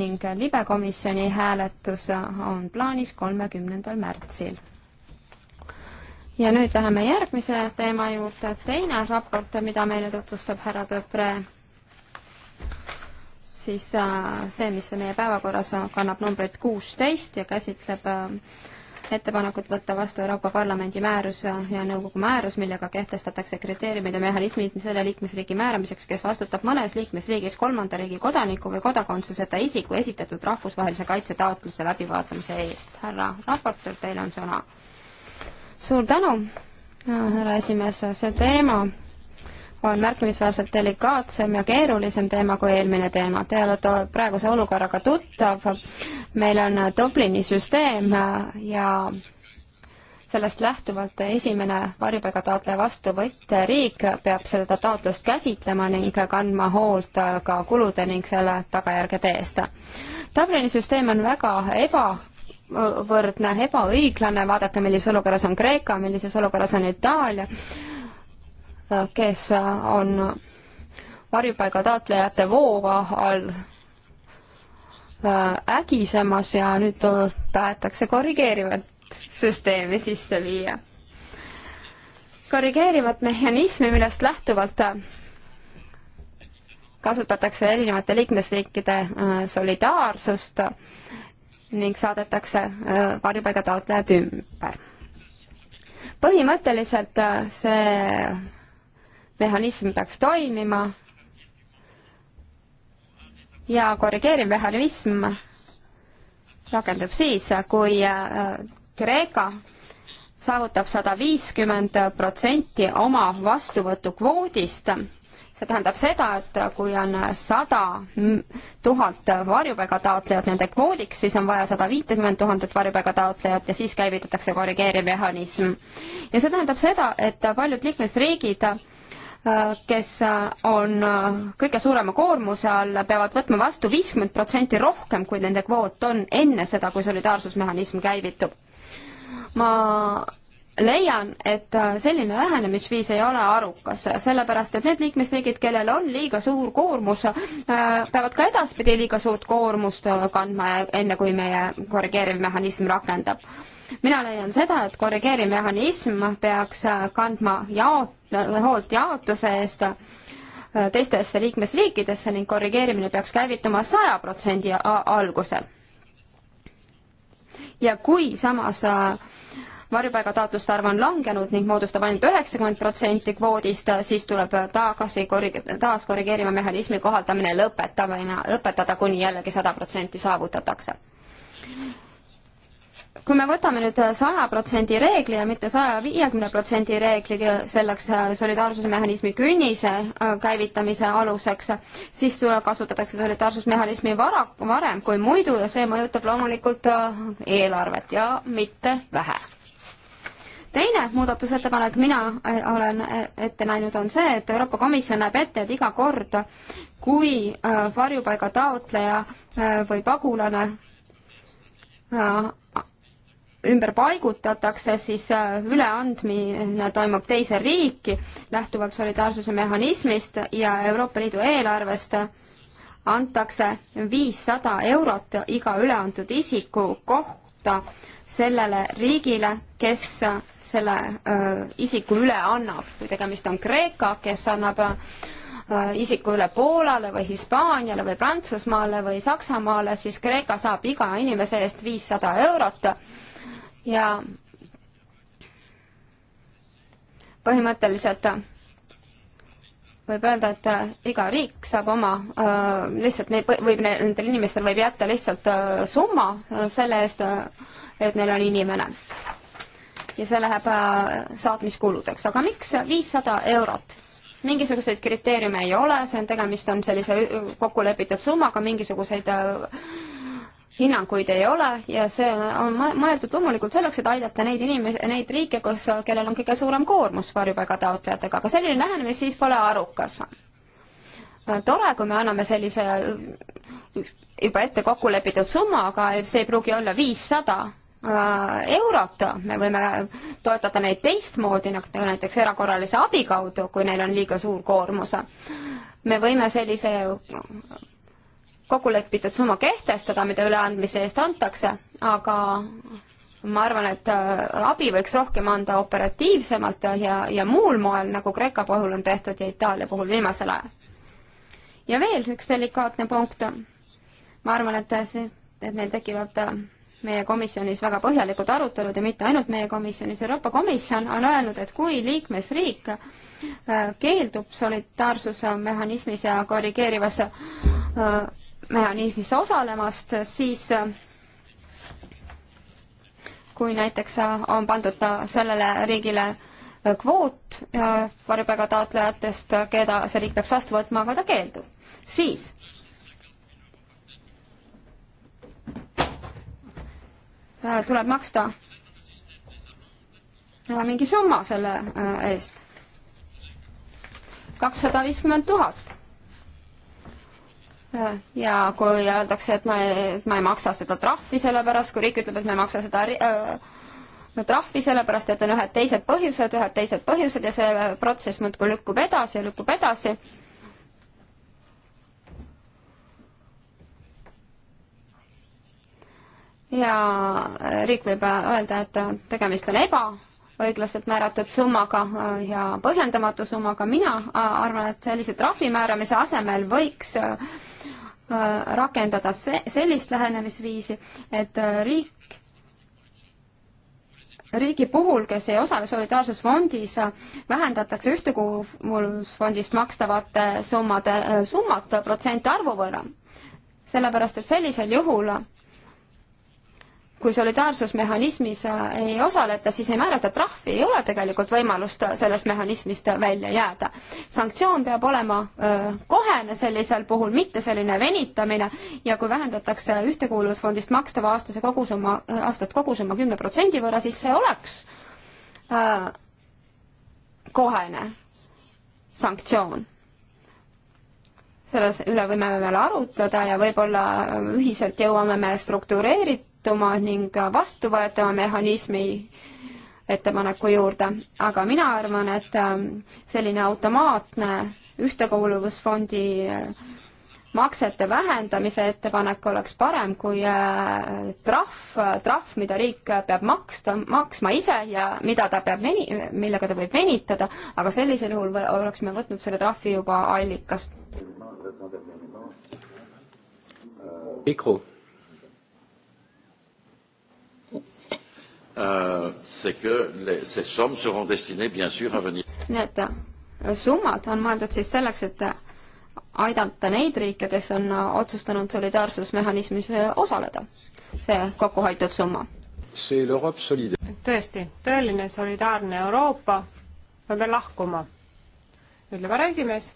ning libekomisjoni hääletus on plaanis kolmekümnendal märtsil. ja nüüd läheme järgmise teema juurde, teine raport, mida meile tutvustab härra Tõpre siis äh, see, mis meie päevakorras kannab numbrit kuusteist ja käsitleb äh, ettepanekut võtta vastu Euroopa Parlamendi määrus ja nõukogu määrus, millega kehtestatakse kriteeriumid ja mehhanismid selle liikmesriigi määramiseks, kes vastutab mõnes liikmesriigis kolmanda riigi kodaniku või kodakondsuseta isiku esitatud rahvusvahelise kaitse taotluse läbivaatamise eest. härra raportöör, teil on sõna. suur tänu, äh, härra esimees, see teema on märkimisväärselt delikaatsem ja keerulisem teema kui eelmine teema. Te olete praeguse olukorraga tuttav, meil on Dublini süsteem ja sellest lähtuvalt esimene varjupaigataotleja vastuvõtt riik peab seda taotlust käsitlema ning kandma hoolt ka kulude ning selle tagajärgede eest. Dublini süsteem on väga eba võrdne, ebaõiglane, vaadake, millises olukorras on Kreeka, millises olukorras on Itaalia kes on varjupaiga taotlejate vooga all äh, ägisemas ja nüüd tahetakse korrigeerivat süsteemi sisse viia. korrigeerivat mehhanismi, millest lähtuvalt äh, kasutatakse erinevate liikmesriikide äh, solidaarsust ning saadetakse varjupaiga taotlejad ümber. põhimõtteliselt see mehhanism peaks toimima ja korrigeeriv mehhanism rakendub siis, kui äh, Kreeka saavutab sada viiskümmend protsenti oma vastuvõtukvoodist. see tähendab seda, et kui on sada tuhat varjupaigataotlejat nende kvoodiks, siis on vaja sada viitekümmet tuhandet varjupaigataotlejat ja siis käivitatakse korrigeeriv mehhanism. ja see tähendab seda, et paljud liikmesriigid Äh, kes äh, on äh, kõige suurema koormuse all, peavad võtma vastu viiskümmend protsenti rohkem, kui nende kvoot on, enne seda, kui solidaarsusmehhanism käivitub. ma leian, et selline lähenemisviis ei ole arukas, sellepärast et need liikmesriigid, kellel on liiga suur koormus, peavad ka edaspidi liiga suurt koormust kandma, enne kui meie korrigeeriv mehhanism rakendab mina leian seda, et korrigeerimehhanism peaks äh, kandma jaot-, hoolt jaotuse eest äh, teistesse liikmesriikidesse ning korrigeerimine peaks käivituma saja protsendi algusel. ja kui samas äh, varjupaigataotluste arv on langenud ning moodustab ainult üheksakümmend protsenti kvoodist, siis tuleb tagasi korrig-, taas korrigeerima mehhanismi kohaldamine lõpetamine, lõpetada, kuni jällegi sada protsenti saavutatakse kui me võtame nüüd saja protsendi reegli ja mitte saja viiekümne protsendi reegli selleks solidaarsusmehhanismi künnise äh, käivitamise aluseks, siis kasutatakse solidaarsusmehhanismi vara, varem kui muidu ja see mõjutab loomulikult äh, eelarvet ja mitte vähe. teine muudatusettepanek mina äh, olen ette näinud, on see, et Euroopa Komisjon näeb ette, et iga kord, kui varjupaiga taotleja või pagulane ümber paigutatakse, siis äh, üleandmine toimub teise riiki lähtuvalt solidaarsuse mehhanismist ja Euroopa Liidu eelarvest antakse viissada eurot iga üleantud isiku kohta sellele riigile, kes selle öö, äh, isiku üle annab. kui tegemist on Kreeka, kes annab öö, äh, isiku üle Poolale või Hispaaniale või Prantsusmaale või Saksamaale, siis Kreeka saab iga inimese eest viissada eurot ja põhimõtteliselt võib öelda, et iga riik saab oma äh,, lihtsalt neid võib, nendel inimestel võib jätta lihtsalt äh, summa äh, selle eest, äh, et neil on inimene. ja see läheb äh, saatmiskuludeks, aga miks viissada eurot? mingisuguseid kriteeriume ei ole, see on, tegemist on sellise äh, kokkulepitud summaga, mingisuguseid hinnanguid ei ole ja see on mõeldud loomulikult selleks, et aidata neid inimesi, neid riike, kus, kellel on kõige suurem koormus varjupaiga taotlejatega, aga selline lähenemisviis pole arukas. tore, kui me anname sellise juba ette kokku lepitud summa, aga see ei pruugi olla viissada äh, eurot, me võime toetada neid teistmoodi, nagu näiteks erakorralise abi kaudu, kui neil on liiga suur koormus. me võime sellise kokku lepitud summa kehtestada, mida üleandmise eest antakse, aga ma arvan, et äh, abi võiks rohkem anda operatiivsemalt ja, ja muul moel, nagu Kreeka puhul on tehtud ja Itaalia puhul viimasel ajal. ja veel üks delikaatne punkt. ma arvan, et see, et meil tekivad äh, meie komisjonis väga põhjalikud arutelud ja mitte ainult meie komisjonis, Euroopa Komisjon on öelnud, et kui liikmesriik äh, keeldub solidaarsuse mehhanismis ja korrigeerivas mehhanismis osalemast, siis äh, kui näiteks äh, on pandud sellele riigile äh, kvoot varjupaiga taotlejatest, keda see riik peaks vastu võtma, aga ta keeldub, siis tuleb maksta mingi summa selle eest. kakssada viiskümmend tuhat ja kui öeldakse, et ma ei, et ma ei maksa seda trahvi sellepärast, kui riik ütleb, et ma ei maksa seda äh, trahvi, sellepärast et on ühed teised põhjused, ühed teised põhjused ja see protsess muudkui lükkub edasi ja lükkub edasi. ja riik võib öelda, et tegemist on eba õiglaselt määratud summaga äh, ja põhjendamatu summaga. mina äh, arvan, et sellise trahvi määramise asemel võiks äh, rakendada see, sellist lähenemisviisi, et riik, riigi puhul, kes ei osale solidaarsusfondis, vähendatakse ühtekuuluvusfondist makstavate summade summat protsentarvu võrra. sellepärast, et sellisel juhul kui solidaarsusmehhanismis äh, ei osaleta, siis ei määrata trahvi, ei ole tegelikult võimalust sellest mehhanismist välja jääda. sanktsioon peab olema äh, kohene sellisel puhul, mitte selline venitamine ja kui vähendatakse Ühtekuuluvusfondist makstava aastase kogusumma, äh, aastast kogusumma kümne protsendi võrra, siis see oleks kohene sanktsioon selles üle võime me veel arutleda ja võib-olla ühiselt jõuame me struktureerit-, sõltumatuma ning vastuvõetava mehhanismi ettepaneku juurde, aga mina arvan, et ähm, selline automaatne ühtekuuluvusfondi äh, maksete vähendamise ettepanek oleks parem kui äh, trahv, trahv, mida riik peab maksta, maksma ise ja mida ta peab veni-, millega ta võib venitada, aga sellisel juhul oleksime võtnud selle trahvi juba allikast. mikro euh, c'est que les, ces sommes seront destinées bien sûr à venir. Need äh, summad on mõeldud siis selleks, et äh, aidata neid riike, kes on äh, otsustanud solidaarsusmehhanismis osaleda, see kokkuhoitud summa. tõesti, tõeline solidaarne Euroopa, ma pean lahkuma, ütleb härra esimees.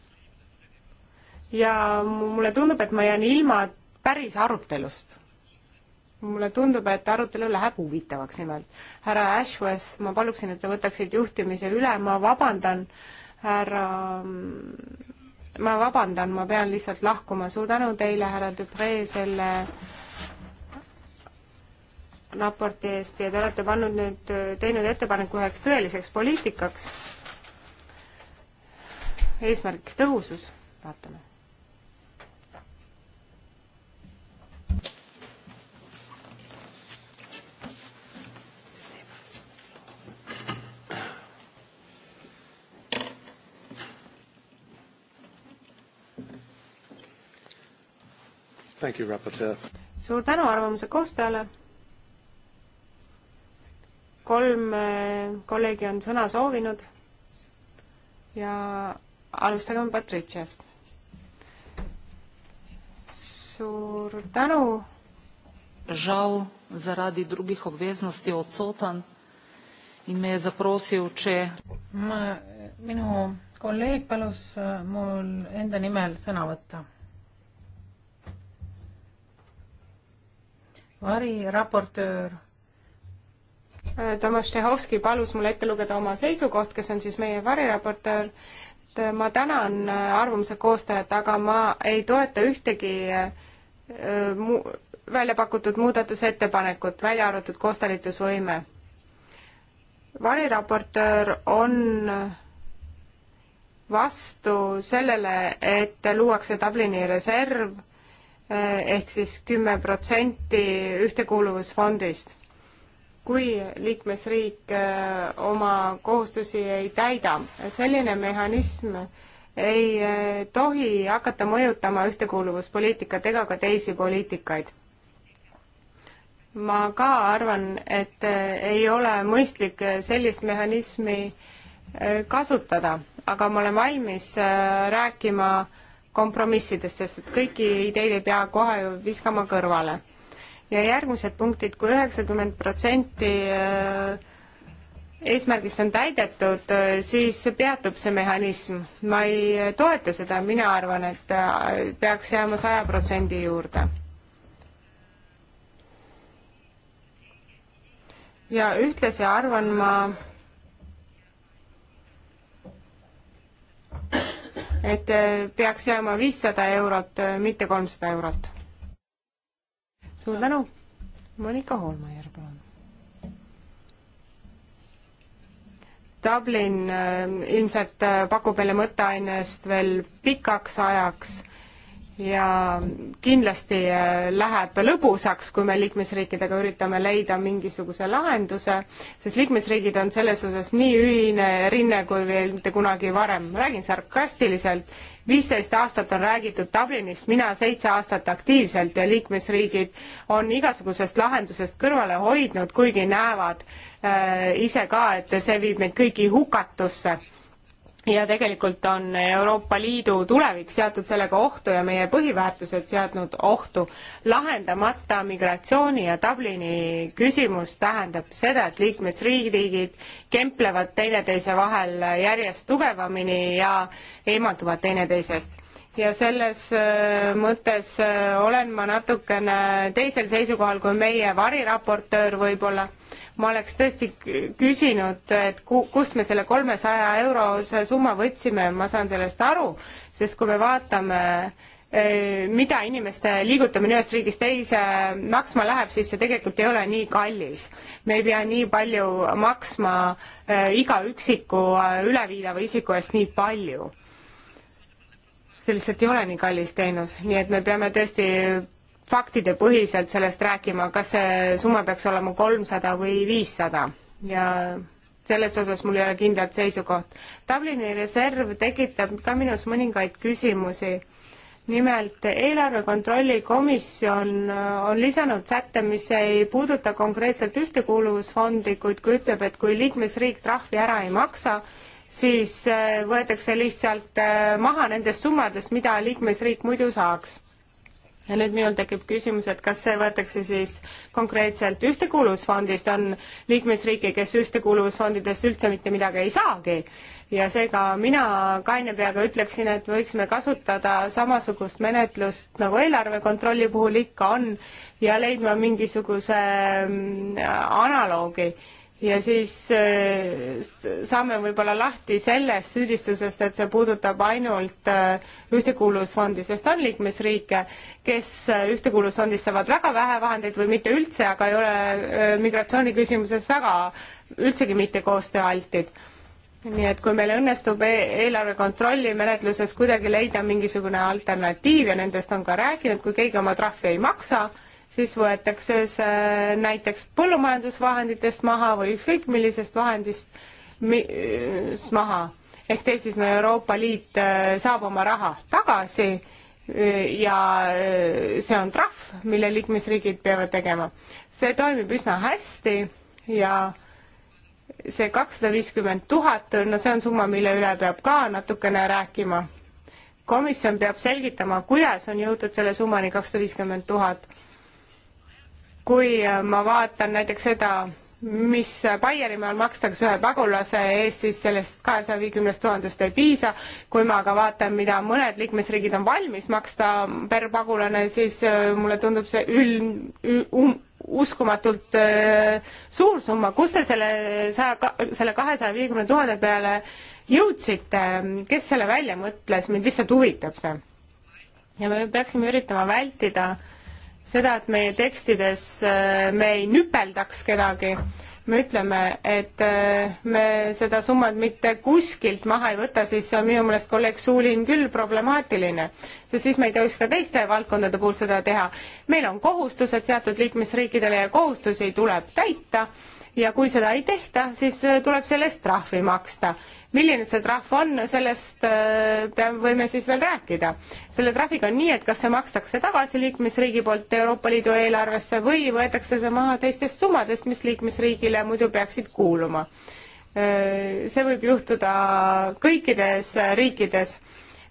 ja mulle tundub, et ma jään ilma päris arutelust mulle tundub, et arutelu läheb huvitavaks nimelt. härra Ashworth, ma paluksin, et te võtaksid juhtimise üle, ma vabandan, härra, ma vabandan, ma pean lihtsalt lahkuma, suur tänu teile, härra Dupre, selle raporti eest ja te olete pannud nüüd, teinud ettepaneku üheks tõeliseks poliitikaks, eesmärgiks tõhusus, vaatame suur tänu arvamuse koostajale. kolm eh, kolleegi on sõna soovinud ja alustagem Patriciast. suur tänu. žal zaradi drugih obveznosti odsotan in me je zaprosil, če. ma, minu kolleeg palus eh, mul enda nimel sõna võtta variraportöör. Äh, Tomas Tšehhovski palus mul ette lugeda oma seisukoht, kes on siis meie variraportöör. Äh, ma tänan äh, arvamuse koostajat, aga ma ei toeta ühtegi mu-, välja pakutud muudatusettepanekut, välja arvatud koostalitusvõime. variraportöör on vastu sellele, et luuakse Dublini reserv Eh, ehk siis kümme protsenti ühtekuuluvusfondist. kui liikmesriik eh, oma kohustusi ei täida, selline mehhanism ei eh, tohi hakata mõjutama ühtekuuluvuspoliitikat ega ka teisi poliitikaid. ma ka arvan, et ei ole mõistlik sellist mehhanismi kasutada, aga ma olen valmis rääkima äh, kompromissidest, sest et kõiki ideid ei pea kohe ju viskama kõrvale. ja järgmised punktid kui, kui üheksakümmend protsenti äh, eesmärgist on täidetud, äh, siis peatub see mehhanism. ma ei toeta seda, mina arvan, et äh, peaks jääma saja protsendi juurde. ja ühtlasi arvan ma, et äh, peaks jääma viissada eurot, äh, mitte kolmsada eurot. suur tänu, Monika Hoolmeier, palun. Dublin äh, ilmselt pakub meile mõtteainest veel pikaks ajaks ja kindlasti äh, läheb lõbusaks, kui me liikmesriikidega üritame leida mingisuguse lahenduse, sest liikmesriigid on selles osas nii ühine rinne kui veel mitte kunagi varem. räägin sarkastiliselt, viisteist aastat on räägitud Dublinist, mina seitse aastat aktiivselt ja liikmesriigid on igasugusest lahendusest kõrvale hoidnud, kuigi näevad äh, ise ka, et see viib meid kõiki hukatusse ja tegelikult on Euroopa Liidu tulevik seatud sellega ohtu ja meie põhiväärtused seadnud ohtu. lahendamata migratsiooni ja Dublini küsimus tähendab seda, et liikmesriigid kemplevad teineteise vahel järjest tugevamini ja eemalduvad teineteisest ja selles äh, mõttes äh, olen ma natukene teisel seisukohal kui meie variraportöör võib-olla äh, ma oleks tõesti küsinud, et ku-, kust me selle kolmesaja eurose summa võtsime, ma saan sellest aru, sest kui me vaatame eh, mida inimeste liigutamine ühest riigist teise maksma läheb, siis see tegelikult ei ole nii kallis. me ei pea nii palju maksma eh, iga üksiku eh, üleviidava isiku eest nii palju see lihtsalt ei ole nii kallis teenus, nii et me peame tõesti faktidepõhiselt sellest rääkima, kas see summa peaks olema kolmsada või viissada ja selles osas mul ei ole kindlat seisukoht. Dublini reserv tekitab ka minus mõningaid küsimusi. nimelt eelarve kontrolli komisjon äh, on lisanud sätte, mis ei puuduta konkreetselt ühtekuuluvusfondi, kuid kui ütleb, et kui liikmesriik trahvi ära ei maksa, siis äh, võetakse lihtsalt äh, maha nendest summadest, mida liikmesriik muidu saaks ja nüüd minul tekib küsimus, et kas see võetakse siis konkreetselt ühtekuuluvusfondist, on liikmesriike, kes ühtekuuluvusfondidest üldse mitte midagi ei saagi ja seega mina kaine peaga ütleksin, et võiksime kasutada samasugust menetlust nagu eelarve kontrolli puhul ikka on ja leidma mingisuguse mm, analoogi ja siis äh, saame võib-olla lahti sellest süüdistusest, et see puudutab ainult äh, Ühtekuuluvusfondi, sest on liikmesriike, kes äh, Ühtekuuluvusfondist saavad väga vähe vahendeid või mitte üldse, aga ei ole migratsiooniküsimuses väga üldsegi mitte koostööaltid nii et kui meil õnnestub e eelarve kontrolli menetluses kuidagi leida mingisugune alternatiiv ja nendest on ka rääkinud, kui keegi oma trahvi ei maksa, siis võetakse see näiteks põllumajandusvahenditest maha või ükskõik millisest vahendist mi maha. ehk teisisõnu, Euroopa Liit äh, saab oma raha tagasi äh, ja äh, see on trahv, mille liikmesriigid peavad tegema. see toimib üsna hästi ja see kakssada viiskümmend tuhat, no see on summa, mille üle peab ka natukene rääkima. komisjon peab selgitama, kuidas on jõutud selle summani kakssada viiskümmend tuhat kui äh, ma vaatan näiteks seda, mis Baierimaal makstakse ühe pagulase eest, siis sellest kahesaja viiekümnest tuhandest ei piisa. kui ma aga vaatan, mida mõned liikmesriigid on valmis maksta per pagulane, siis äh, mulle tundub see üld- um,, uskumatult äh, suur summa. kust te selle saja, selle kahesaja viiekümne tuhande peale jõudsite, kes selle välja mõtles, mind lihtsalt huvitab see. ja me peaksime üritama vältida äh, seda, et meie tekstides äh, me ei nüpeldaks kedagi, me ütleme, et äh, me seda summat mitte kuskilt maha ei võta, siis see on minu meelest kolleeg Suulin küll problemaatiline, sest siis me ei tohiks ka teiste valdkondade puhul seda teha. meil on kohustused seatud liikmesriikidele ja kohustusi tuleb täita ja kui seda ei tehta, siis äh, tuleb selle eest trahvi maksta. milline see trahv on, sellest äh, peame, võime siis veel rääkida. selle trahviga on nii, et kas see makstakse tagasi liikmesriigi poolt Euroopa Liidu eelarvesse või võetakse see maha teistest summadest, mis liikmesriigile muidu peaksid kuuluma. Äh, see võib juhtuda kõikides riikides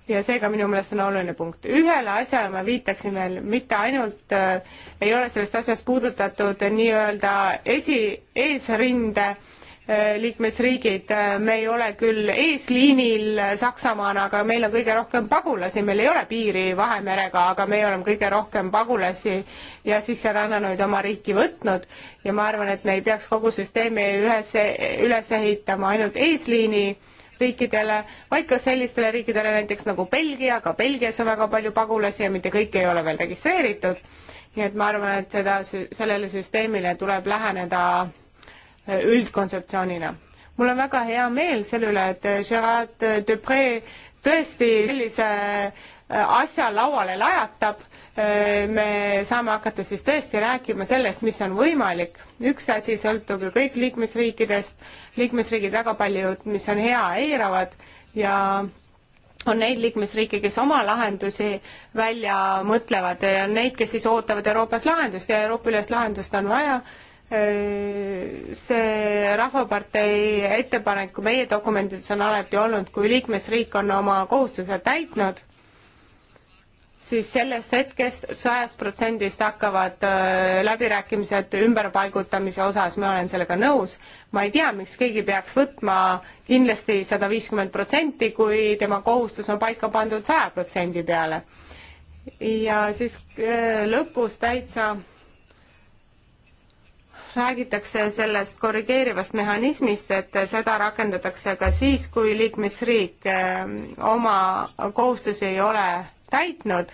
ja seega minu meelest on oluline punkt. ühele asjale ma viitaksin veel, mitte ainult äh, ei ole sellest asjast puudutatud nii-öelda esi, eesrinde äh, liikmesriigid äh,, me ei ole küll eesliinil Saksamaana, aga meil on kõige rohkem pagulasi, meil ei ole piiri Vahemerega, aga me oleme kõige rohkem pagulasi ja sisserännanuid oma riiki võtnud ja ma arvan, et me ei peaks kogu süsteemi ühes, üles ehitama ainult eesliini äh, riikidele, vaid ka sellistele riikidele näiteks nagu Belgia, ka Belgias on väga palju pagulasi ja mitte kõik ei ole veel registreeritud. nii et ma arvan, et seda, sellele süsteemile tuleb läheneda äh, üldkontseptsioonina. mul on väga hea meel selle üle, et äh, Gerard Depre tõesti sellise äh, asja lauale lajatab Äh, me saame hakata siis tõesti rääkima sellest, mis on võimalik. üks asi sõltub ju kõik liikmesriikidest, liikmesriigid väga palju, mis on hea, eiravad ja on neid liikmesriike, kes oma lahendusi välja mõtlevad ja on neid, kes siis ootavad Euroopas lahendust ja Euroopa ülest lahendust on vaja. Äh, see Rahvapartei ettepanek meie dokumentides on alati olnud, kui liikmesriik on oma kohustused täitnud siis sellest hetkest sajast protsendist hakkavad äh, läbirääkimised ümberpaigutamise osas, ma olen sellega nõus. ma ei tea, miks keegi peaks võtma kindlasti sada viiskümmend protsenti, kui tema kohustus on paika pandud saja protsendi peale. ja siis äh, lõpus täitsa räägitakse sellest korrigeerivast mehhanismist, et seda rakendatakse ka siis, kui liikmesriik äh, oma kohustusi ei ole täitnud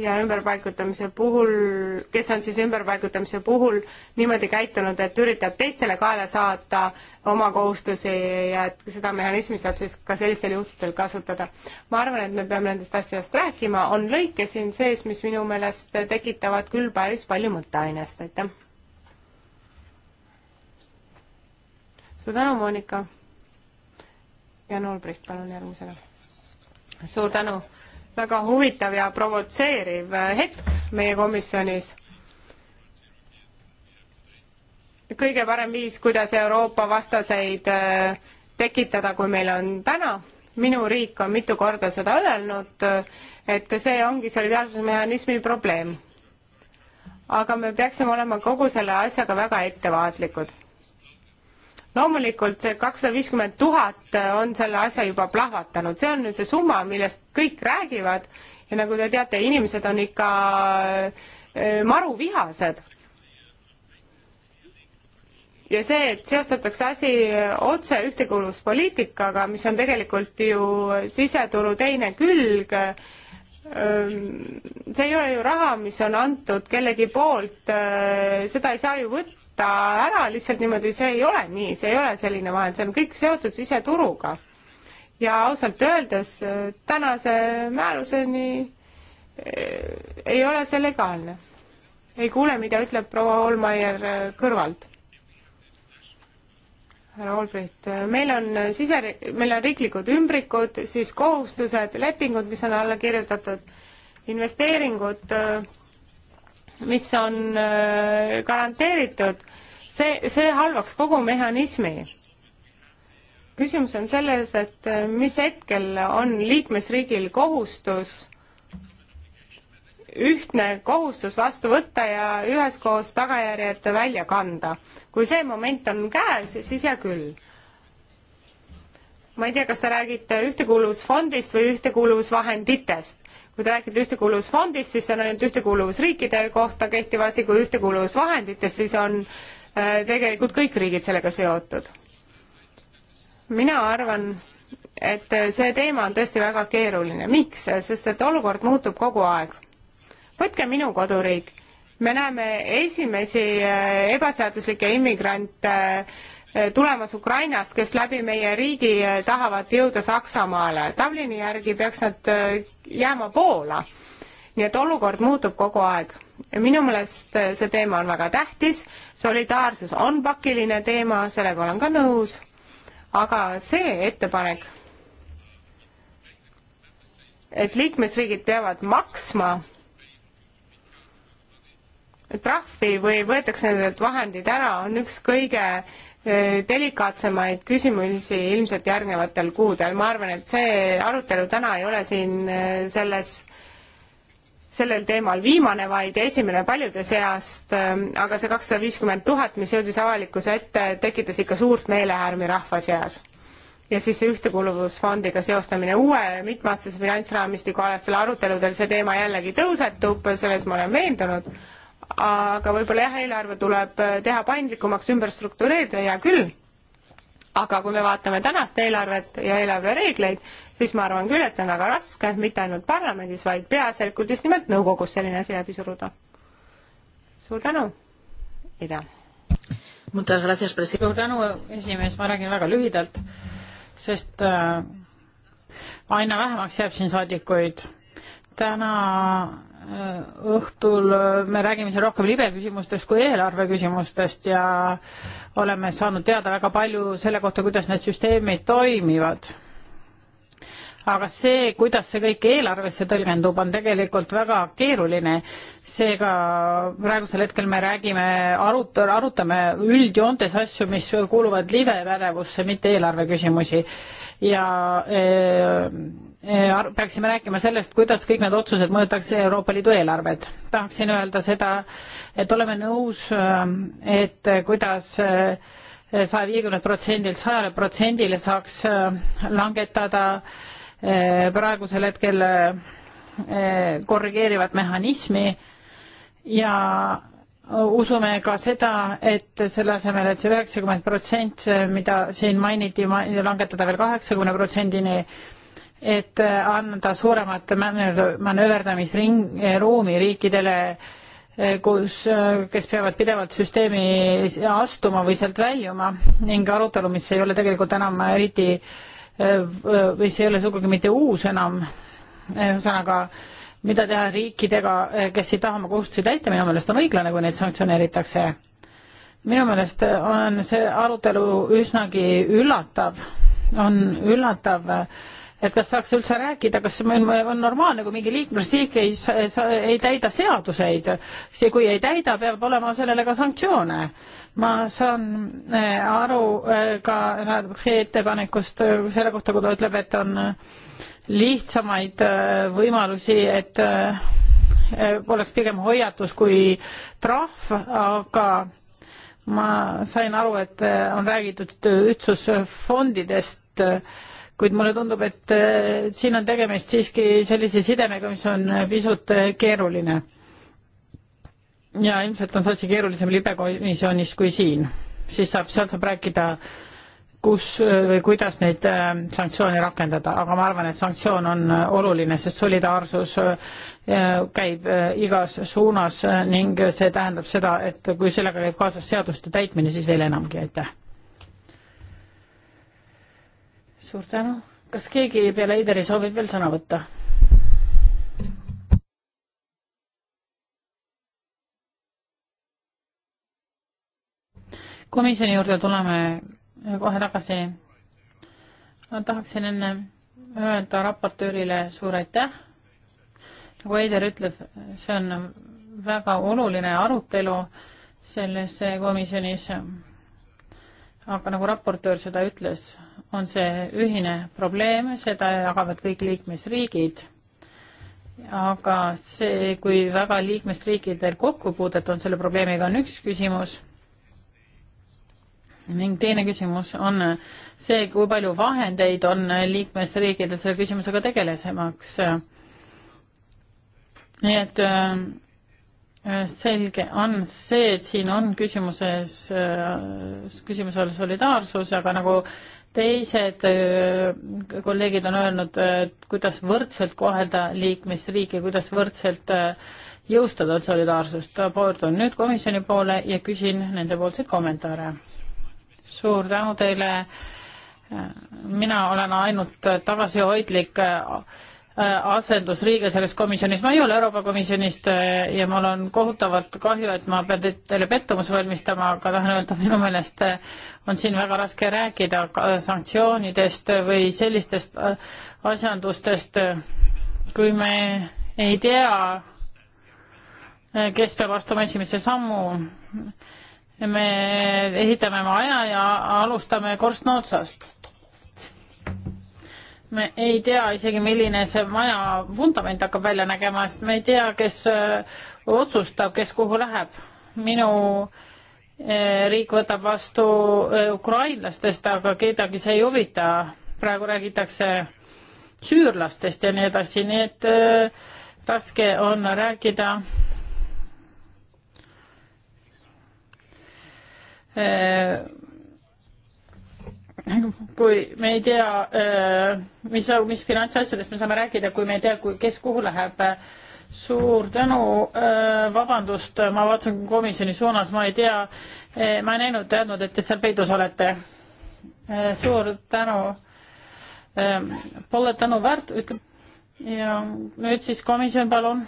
ja ümberpaigutamise puhul, kes on siis ümberpaigutamise puhul niimoodi käitunud, et üritab teistele kaela saata oma kohustusi ja et seda mehhanismi saab siis ka sellistel juhtudel kasutada. ma arvan, et me peame nendest asjadest rääkima, on lõike siin sees, mis minu meelest tekitavad küll päris palju mõtteainest, aitäh. suur tänu, Monika. Jan Olbrist, palun järgmisena suur tänu. väga huvitav ja provotseeriv hetk meie komisjonis. kõige parem viis, kuidas Euroopa vastaseid äh, tekitada, kui meil on täna minu riik on mitu korda seda öelnud, äh, et see ongi solidaarsusmehhanismi probleem. aga me peaksime olema kogu selle asjaga väga ettevaatlikud loomulikult see kakssada viiskümmend tuhat on selle asja juba plahvatanud, see on nüüd see summa, millest kõik räägivad ja nagu te teate, inimesed on ikka äh, maruvihased. ja see, et seostatakse asi otse ühtekuuluvuspoliitikaga, mis on tegelikult ju siseturu teine külg, ähm, see ei ole ju raha, mis on antud kellegi poolt, äh, seda ei saa ju võtta võtta ära lihtsalt niimoodi, see ei ole nii, see ei ole selline vahend, see on kõik seotud siseturuga. ja ausalt öeldes äh, tänase määruseni äh, ei ole see legaalne. ei kuule, mida ütleb proua Olmaier äh, kõrvalt härra Olbrit, meil on sise, meil on riiklikud ümbrikud, siis kohustused, lepingud, mis on alla kirjutatud, investeeringud, mis on garanteeritud see, see halvaks kogu mehhanismi. küsimus on selles, et äh, mis hetkel on liikmesriigil kohustus, ühtne kohustus vastu võtta ja üheskoos tagajärjed välja kanda. kui see moment on käes, siis hea küll ma ei tea, kas te räägite ühtekuuluvusfondist või ühtekuuluvusvahenditest. kui te räägite ühtekuuluvusfondist, siis see on ainult ühtekuuluvusriikide kohta kehtiv asi, kui ühtekuuluvusvahenditest, siis on Äh, tegelikult kõik riigid sellega seotud. mina arvan, et see teema on tõesti väga keeruline. miks? sest et olukord muutub kogu aeg. võtke minu koduriik. me näeme esimesi äh, ebaseaduslikke immigrante äh, tulemas Ukrainast, kes läbi meie riigi tahavad jõuda Saksamaale. Dublini järgi peaks nad jääma Poola. nii et olukord muutub kogu aeg minu meelest äh, see teema on väga tähtis, solidaarsus on pakiline teema, sellega olen ka nõus, aga see ettepanek, et liikmesriigid peavad maksma trahvi või võetakse nendelt vahendid ära, on üks kõige äh, delikaatsemaid küsimusi ilmselt järgnevatel kuudel. ma arvan, et see arutelu täna ei ole siin äh, selles äh, sellel teemal viimane, vaid esimene paljude seast, ähm, aga see kakssada viiskümmend tuhat, mis jõudis avalikkuse ette, tekitas ikka suurt meelehärmi rahva seas. ja siis see ühtekuuluvusfondiga seostamine uue mitmeaastase finantsraamistiku alastel aruteludel, see teema jällegi tõusetub, selles ma olen veendunud, aga võib-olla jah, eelarve tuleb teha paindlikumaks, ümber struktureerida, hea küll, aga kui me vaatame tänast eelarvet ja eelarvereegleid, siis ma arvan küll, et on väga raske mitte ainult parlamendis, vaid peaasjalikult just nimelt nõukogus selline asi läbi suruda. suur tänu, Ida! suur tänu, esimees, ma räägin väga lühidalt, sest äh, aina vähemaks jääb siin saadikuid. täna äh, õhtul äh, me räägime siin rohkem libe küsimustest kui eelarve küsimustest ja äh, oleme saanud teada väga palju selle kohta, kuidas need süsteemid toimivad. aga see, kuidas see kõik eelarvesse tõlgendub, on tegelikult väga keeruline. seega praegusel hetkel me räägime, arut-, arutame üldjoontes asju, mis kuuluvad live pädevusse, mitte eelarve küsimusi ja eh, eh, peaksime rääkima sellest, kuidas kõik need otsused mõjutaks Euroopa Liidu eelarvet. tahaksin öelda seda, et oleme nõus, eh, et kuidas saja viiekümnelt protsendilt sajale protsendile saaks langetada praegusel hetkel korrigeerivat mehhanismi ja usume ka seda, et selle asemel, et see üheksakümmend protsent, mida siin mainiti, langetada veel kaheksakümne protsendini, et anda suuremat manööverdamisring, ruumi riikidele, kus, kes peavad pidevalt süsteemi astuma või sealt väljuma ning arutelu, mis ei ole tegelikult enam eriti, mis ei ole sugugi mitte uus enam, ühesõnaga äh, mida teha riikidega, kes ei taha oma kohustusi täita, minu meelest on õiglane, kui neid sanktsioneeritakse. minu meelest on see arutelu üsnagi üllatav, on üllatav, et kas saaks üldse rääkida, kas on normaalne, kui mingi liikmesriik ei, ei täida seaduseid, see kui ei täida, peab olema sellele ka sanktsioone. ma saan eh, aru eh, ka ettepanekust eh, selle kohta, kui ta ütleb, et on äh, lihtsamaid äh, võimalusi, et äh, äh, oleks pigem hoiatus kui trahv, aga ma sain aru, et on räägitud ühtsusfondidest, kuid mulle tundub, et siin on tegemist siiski sellise sidemega, mis on pisut keeruline. ja ilmselt on see asi keerulisem libekomisjonis kui siin, siis saab, seal saab rääkida äh, kus või kuidas neid äh, sanktsioone rakendada, aga ma arvan, et sanktsioon on äh, oluline, sest solidaarsus äh, käib igas suunas ning see tähendab seda, et kui sellega käib kaasas seaduste täitmine, siis veel enamgi, aitäh. suur tänu, kas keegi peale Eideri soovib veel sõna võtta? komisjoni juurde tuleme kohe tagasi. ma tahaksin enne öelda raportöörile suur aitäh. nagu Heider ütleb, see on väga oluline arutelu selles komisjonis. aga nagu raportöör seda ütles, on see ühine probleem, seda jagavad kõik liikmesriigid. aga see, kui väga liikmesriikidel kokkupuudet on selle probleemiga, on üks küsimus ning teine küsimus on see, kui palju vahendeid on liikmesriigil selle küsimusega tegelesemaks. nii et äh, selge on see, et siin on küsimuses, äh, küsimuse all solidaarsus, aga nagu teised äh, kolleegid on öelnud, kuidas võrdselt kohelda liikmesriike, kuidas võrdselt jõustada solidaarsust. pöördun nüüd komisjoni poole ja küsin nendepoolseid kommentaare suur tänu teile. mina olen ainult tagasihoidlik äh, asendusliige selles komisjonis, ma ei ole Euroopa Komisjonist äh, ja mul on kohutavalt kahju, et ma pean teile pettumuse valmistama, aga tahan öelda, minu meelest äh, on siin väga raske rääkida sanktsioonidest või sellistest asjandustest, kui me ei tea, kes peab astuma esimese sammu me ehitame maja ja alustame korstna otsast. me ei tea isegi, milline see maja vundament hakkab välja nägema, sest me ei tea, kes äh, otsustab, kes kuhu läheb. minu äh, riik võtab vastu äh, ukrainlastest, aga kedagi see ei huvita. praegu räägitakse süürlastest ja nii edasi, nii et raske on rääkida Äh, kui me ei tea, äh, mis, mis finantsasjadest me saame rääkida, kui me ei tea, kes kuhu läheb. suur tänu, äh, vabandust, ma vaatasin komisjoni suunas, ma ei tea, ma ei näinud, teadnud, et te seal peidus olete. suur tänu. Pole tänu väärt, ütleb. ja nüüd siis komisjon, palun.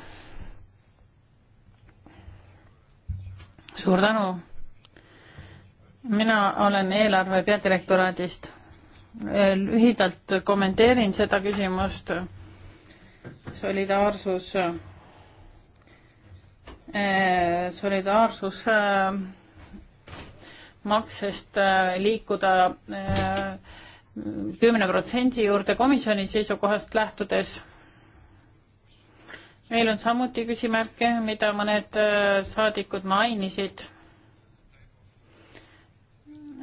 suur tänu mina olen eelarve peadirektoraadist. Äh, lühidalt kommenteerin seda küsimust. solidaarsus, äh, solidaarsus äh, maksest liikuda kümne protsendi juurde komisjoni seisukohast lähtudes meil on samuti küsimärke, mida mõned saadikud mainisid ma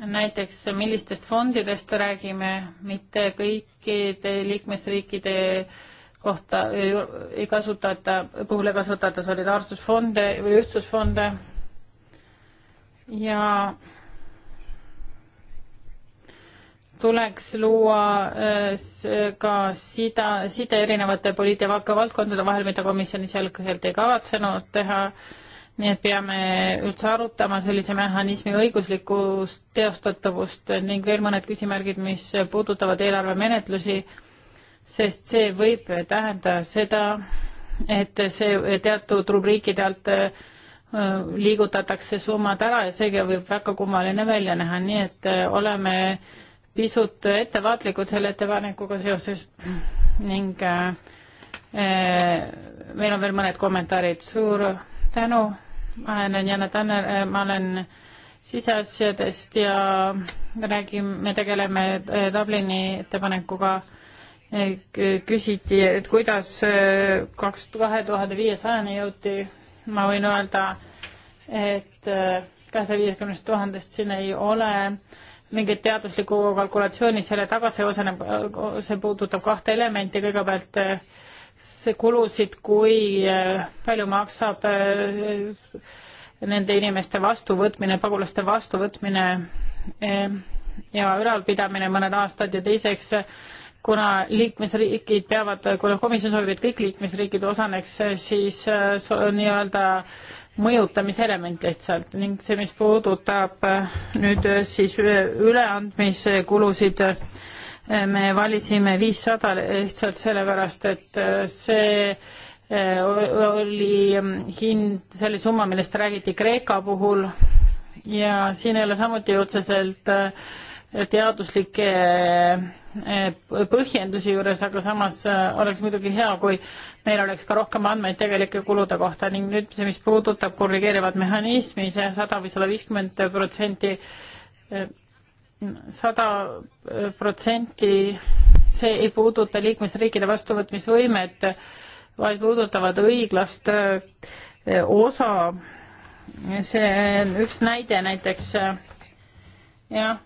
näiteks millistest fondidest räägime, mitte kõikide liikmesriikide kohta ei kasutata, puhul ei kasutata solidaarsusfonde või ühtsusfonde ja tuleks luua äh, ka sida, side erinevate poliitika valdkondade vahel, mida komisjon selgelt ei kavatsenud teha nii et peame üldse arutama sellise mehhanismi õiguslikust teostatavust ning veel mõned küsimärgid, mis puudutavad eelarvemenetlusi, sest see võib tähendada seda, et see teatud rubriikide alt äh, liigutatakse summad ära ja seega võib väga kummaline välja näha, nii et äh, oleme pisut ettevaatlikud selle ettepanekuga seoses ning äh, meil on veel mõned kommentaarid, suur tänu ma olen Jana Tanner, ma olen siseasjadest ja räägime, me tegeleme äh, Dublini ettepanekuga. küsiti, et kuidas äh, kaks, kahe tuhande viiesajani jõuti, ma võin öelda, et äh, kahesaja viiekümnest tuhandest siin ei ole mingit teaduslikku kalkulatsiooni, selle taga see osaneb, see puudutab kahte elementi, kõigepealt see kulusid, kui äh, palju maksab äh, nende inimeste vastuvõtmine, pagulaste vastuvõtmine äh, ja ülalpidamine mõned aastad ja teiseks, kuna liikmesriigid peavad, kuna komisjon soovib, et kõik liikmesriigid osaneks, siis nii-öelda mõjutamiselement lihtsalt ning see, mis puudutab nüüd siis üleandmiskulusid üle me valisime viissada lihtsalt sellepärast, et äh, see äh, oli ähm, hind, see oli summa, millest räägiti Kreeka puhul ja siin ei ole samuti otseselt äh, teaduslikke põhjendusi juures, aga samas oleks muidugi hea, kui meil oleks ka rohkem andmeid tegelike kulude kohta ning nüüd see, mis puudutab korrigeerivat mehhanismi see, see sada või sada viiskümmend protsenti sada äh, protsenti see ei puuduta liikmesriikide vastuvõtmisvõimet, vaid puudutavad õiglast äh, osa. see on üks näide näiteks, äh, jah,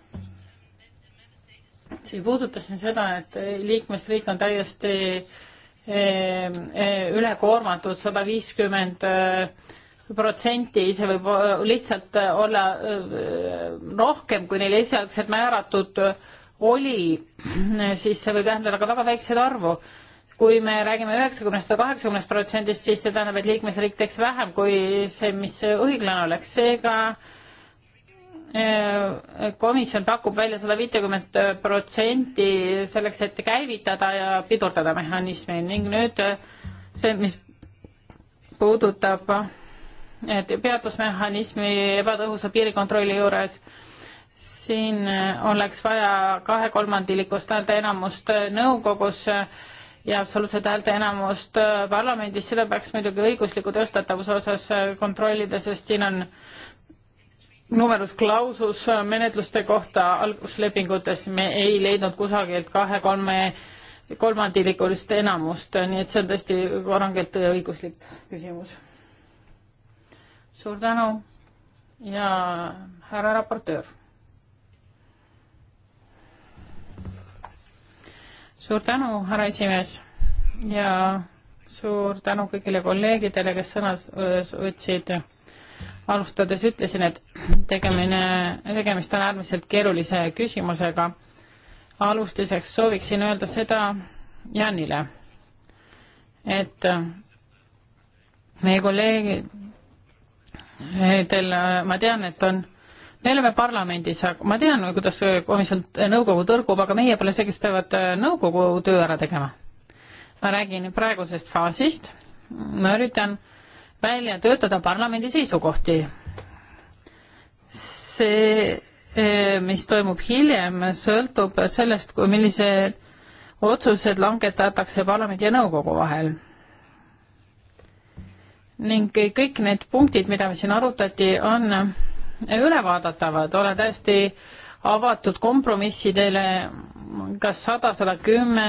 see ei puuduta siin seda, et liikmesriik on täiesti ülekoormatud, sada viiskümmend protsenti, see võib äh, lihtsalt äh, olla äh, rohkem, kui neil esialgselt määratud oli, siis see võib tähendada ka väga väikseid arvu. kui me räägime üheksakümnest või kaheksakümnest protsendist, siis see tähendab, et liikmesriik teeks vähem kui see, mis õiglane oleks, seega komisjon pakub välja sada viitekümmet protsenti selleks, et käivitada ja pidurdada mehhanismi ning nüüd see, mis puudutab peatusmehhanismi ebatõhusa piirikontrolli juures. siin äh, oleks vaja kahekolmandilikust häälteenamust äh, nõukogus ja absoluutset häälteenamust äh, parlamendis, seda peaks muidugi õigusliku tõstatavuse osas kontrollida, sest siin on numerus clausus menetluste kohta alguslepingutes me ei leidnud kusagilt kahe-kolme kolmandikulist enamust, nii et see on tõesti rangelt õiguslik küsimus suur tänu ja härra raportöör. suur tänu, härra esimees ja suur tänu kõigile kolleegidele, kes sõna võtsid. alustades ütlesin, et tegemine, tegemist on äärmiselt keerulise küsimusega. alustuseks sooviksin öelda seda Janile, et meie kolleegid Teil, ma tean, et on, me oleme parlamendis, aga ma tean, kuidas komisjon eh, nõukogu tõrgub, aga meie pole see, kes peavad eh, nõukogu töö ära tegema. ma räägin praegusest faasist, ma üritan välja töötada parlamendi seisukohti. see, eh, mis toimub hiljem, sõltub sellest, kui millised otsused langetatakse parlamendi ja nõukogu vahel ning kõik need punktid, mida siin arutati, on ülevaadatavad, ole täiesti avatud kompromissidele, kas sada, sada kümme,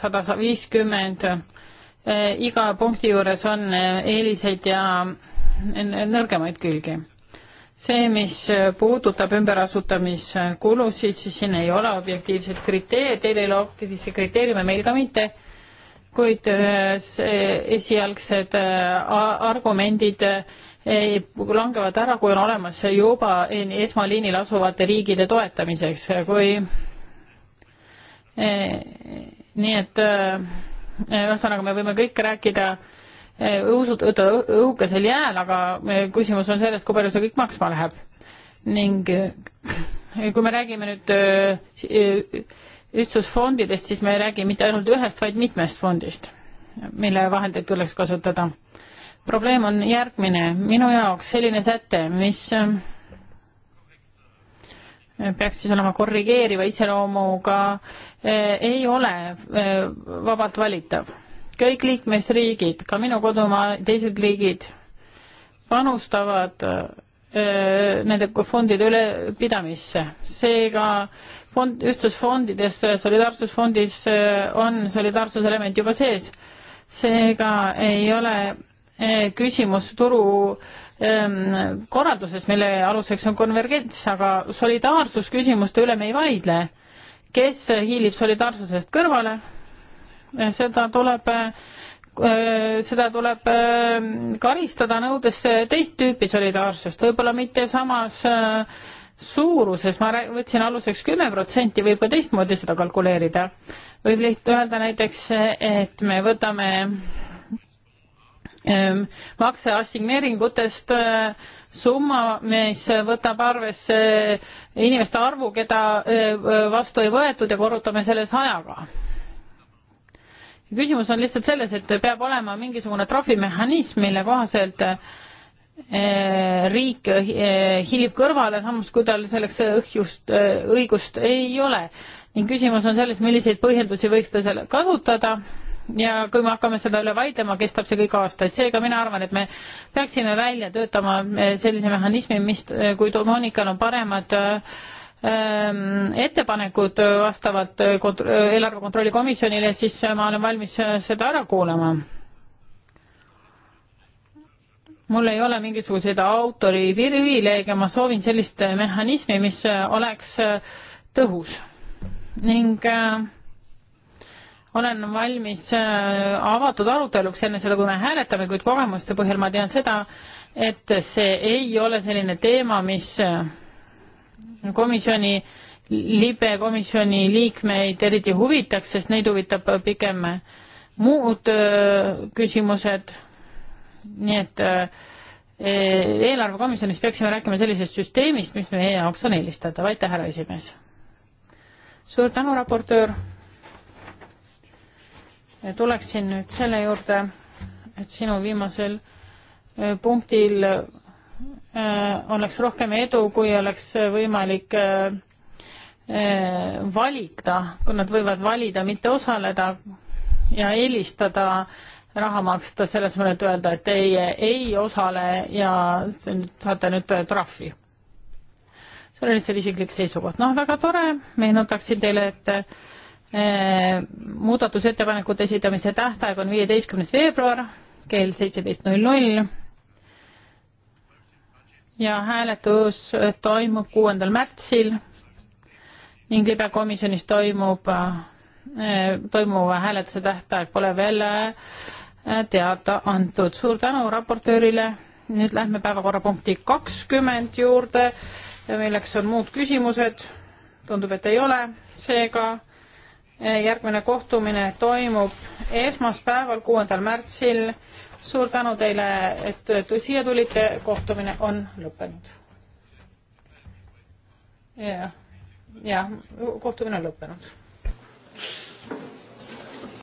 sada viiskümmend, eh, iga punkti juures on eh, eeliseid ja nõrgemaid külgi. see, mis puudutab ümberasutamiskulusid, siis siin ei ole objektiivseid kriteeriume, teil ei ole objektiivseid kriteeriume, meil ka mitte kuid äh, esialgsed äh, argumendid äh, langevad ära, kui on olemas juba esmaliinil asuvate riikide toetamiseks, kui nii et ühesõnaga, me võime kõik rääkida õusud, õukesel jääl, aga küsimus on selles, kui palju see kõik maksma läheb. ning kui me räägime nüüd ühtsusfondidest, siis me ei räägi mitte ainult ühest, vaid mitmest fondist, mille vahendeid tuleks kasutada. probleem on järgmine, minu jaoks selline säte, mis eh, peaks siis olema korrigeeriva iseloomuga, eh, ei ole eh, vabalt valitav. kõik liikmesriigid, ka minu kodumaa teised riigid panustavad nende fondide ülepidamisse, seega fond, ühtsusfondides, solidaarsusfondis eh, on solidaarsuselement juba sees. seega ei ole eh, küsimus turu ehm, korraldusest, mille aluseks on konvergents, aga solidaarsusküsimuste üle me ei vaidle. kes hiilib solidaarsusest kõrvale, seda tuleb eh, seda tuleb karistada, nõudes teist tüüpi solidaarsust, võib-olla mitte samas äh, suuruses, ma võtsin aluseks kümme protsenti, võib ka teistmoodi seda kalkuleerida. võib lihtsalt öelda näiteks, et me võtame ehm, makse assigneeringutest äh, summa, mis võtab arvesse inimeste arvu, keda äh, vastu ei võetud ja korrutame selle sajaga. küsimus on lihtsalt selles, et peab olema mingisugune trahvimehhanism, mille kohaselt äh, Eh, riik eh, hiilib kõrvale, samas kui tal selleks õhjust, eh, õigust ei ole. ning küsimus on selles, milliseid põhjendusi võiks ta seal kasutada ja kui me hakkame selle üle vaidlema, kestab see kõik aastaid, seega mina arvan, et me peaksime välja töötama sellise mehhanismi, mis, kui Monikal on paremad ehm, ettepanekud vastavalt kont-, eelarve kontrolli komisjonile, siis ma olen valmis seda ära kuulama mul ei ole mingisuguseid autoriprivileege, ma soovin sellist mehhanismi, mis oleks äh, tõhus ning äh, olen valmis äh, avatud aruteluks enne seda, kui me hääletame, kuid kogemuste põhjal ma tean seda, et see ei ole selline teema, mis äh, komisjoni, libe komisjoni liikmeid eriti huvitaks, sest neid huvitab pigem muud küsimused nii et äh, e-, eelarvekomisjonis peaksime rääkima sellisest süsteemist, mis meie jaoks on eelistatav, aitäh, härra esimees. suur tänu, raportöör. tuleksin nüüd selle juurde, et sinu viimasel äh, punktil äh, oleks rohkem edu, kui oleks võimalik valida, kui nad võivad valida mitte osaleda ja eelistada äh, raha maksta, selles mõttes öelda, et teie ei osale ja saate nüüd trahvi. see oli lihtsalt isiklik seisukoht. noh, väga tore, meenutaksin teile, et eh, muudatusettepanekute esitamise tähtaeg on viieteistkümnes veebruar kell seitseteist null null ja hääletus toimub kuuendal märtsil ning libekomisjonis toimub eh, toimuva hääletuse tähtaeg pole veel teada antud. suur tänu raportöörile, nüüd lähme päevakorrapunkti kakskümmend juurde, milleks on muud küsimused, tundub, et ei ole, seega eh, järgmine kohtumine toimub esmaspäeval, kuuendal märtsil. suur tänu teile, et siia tulite, kohtumine on lõppenud. jah, jah, kohtumine on lõppenud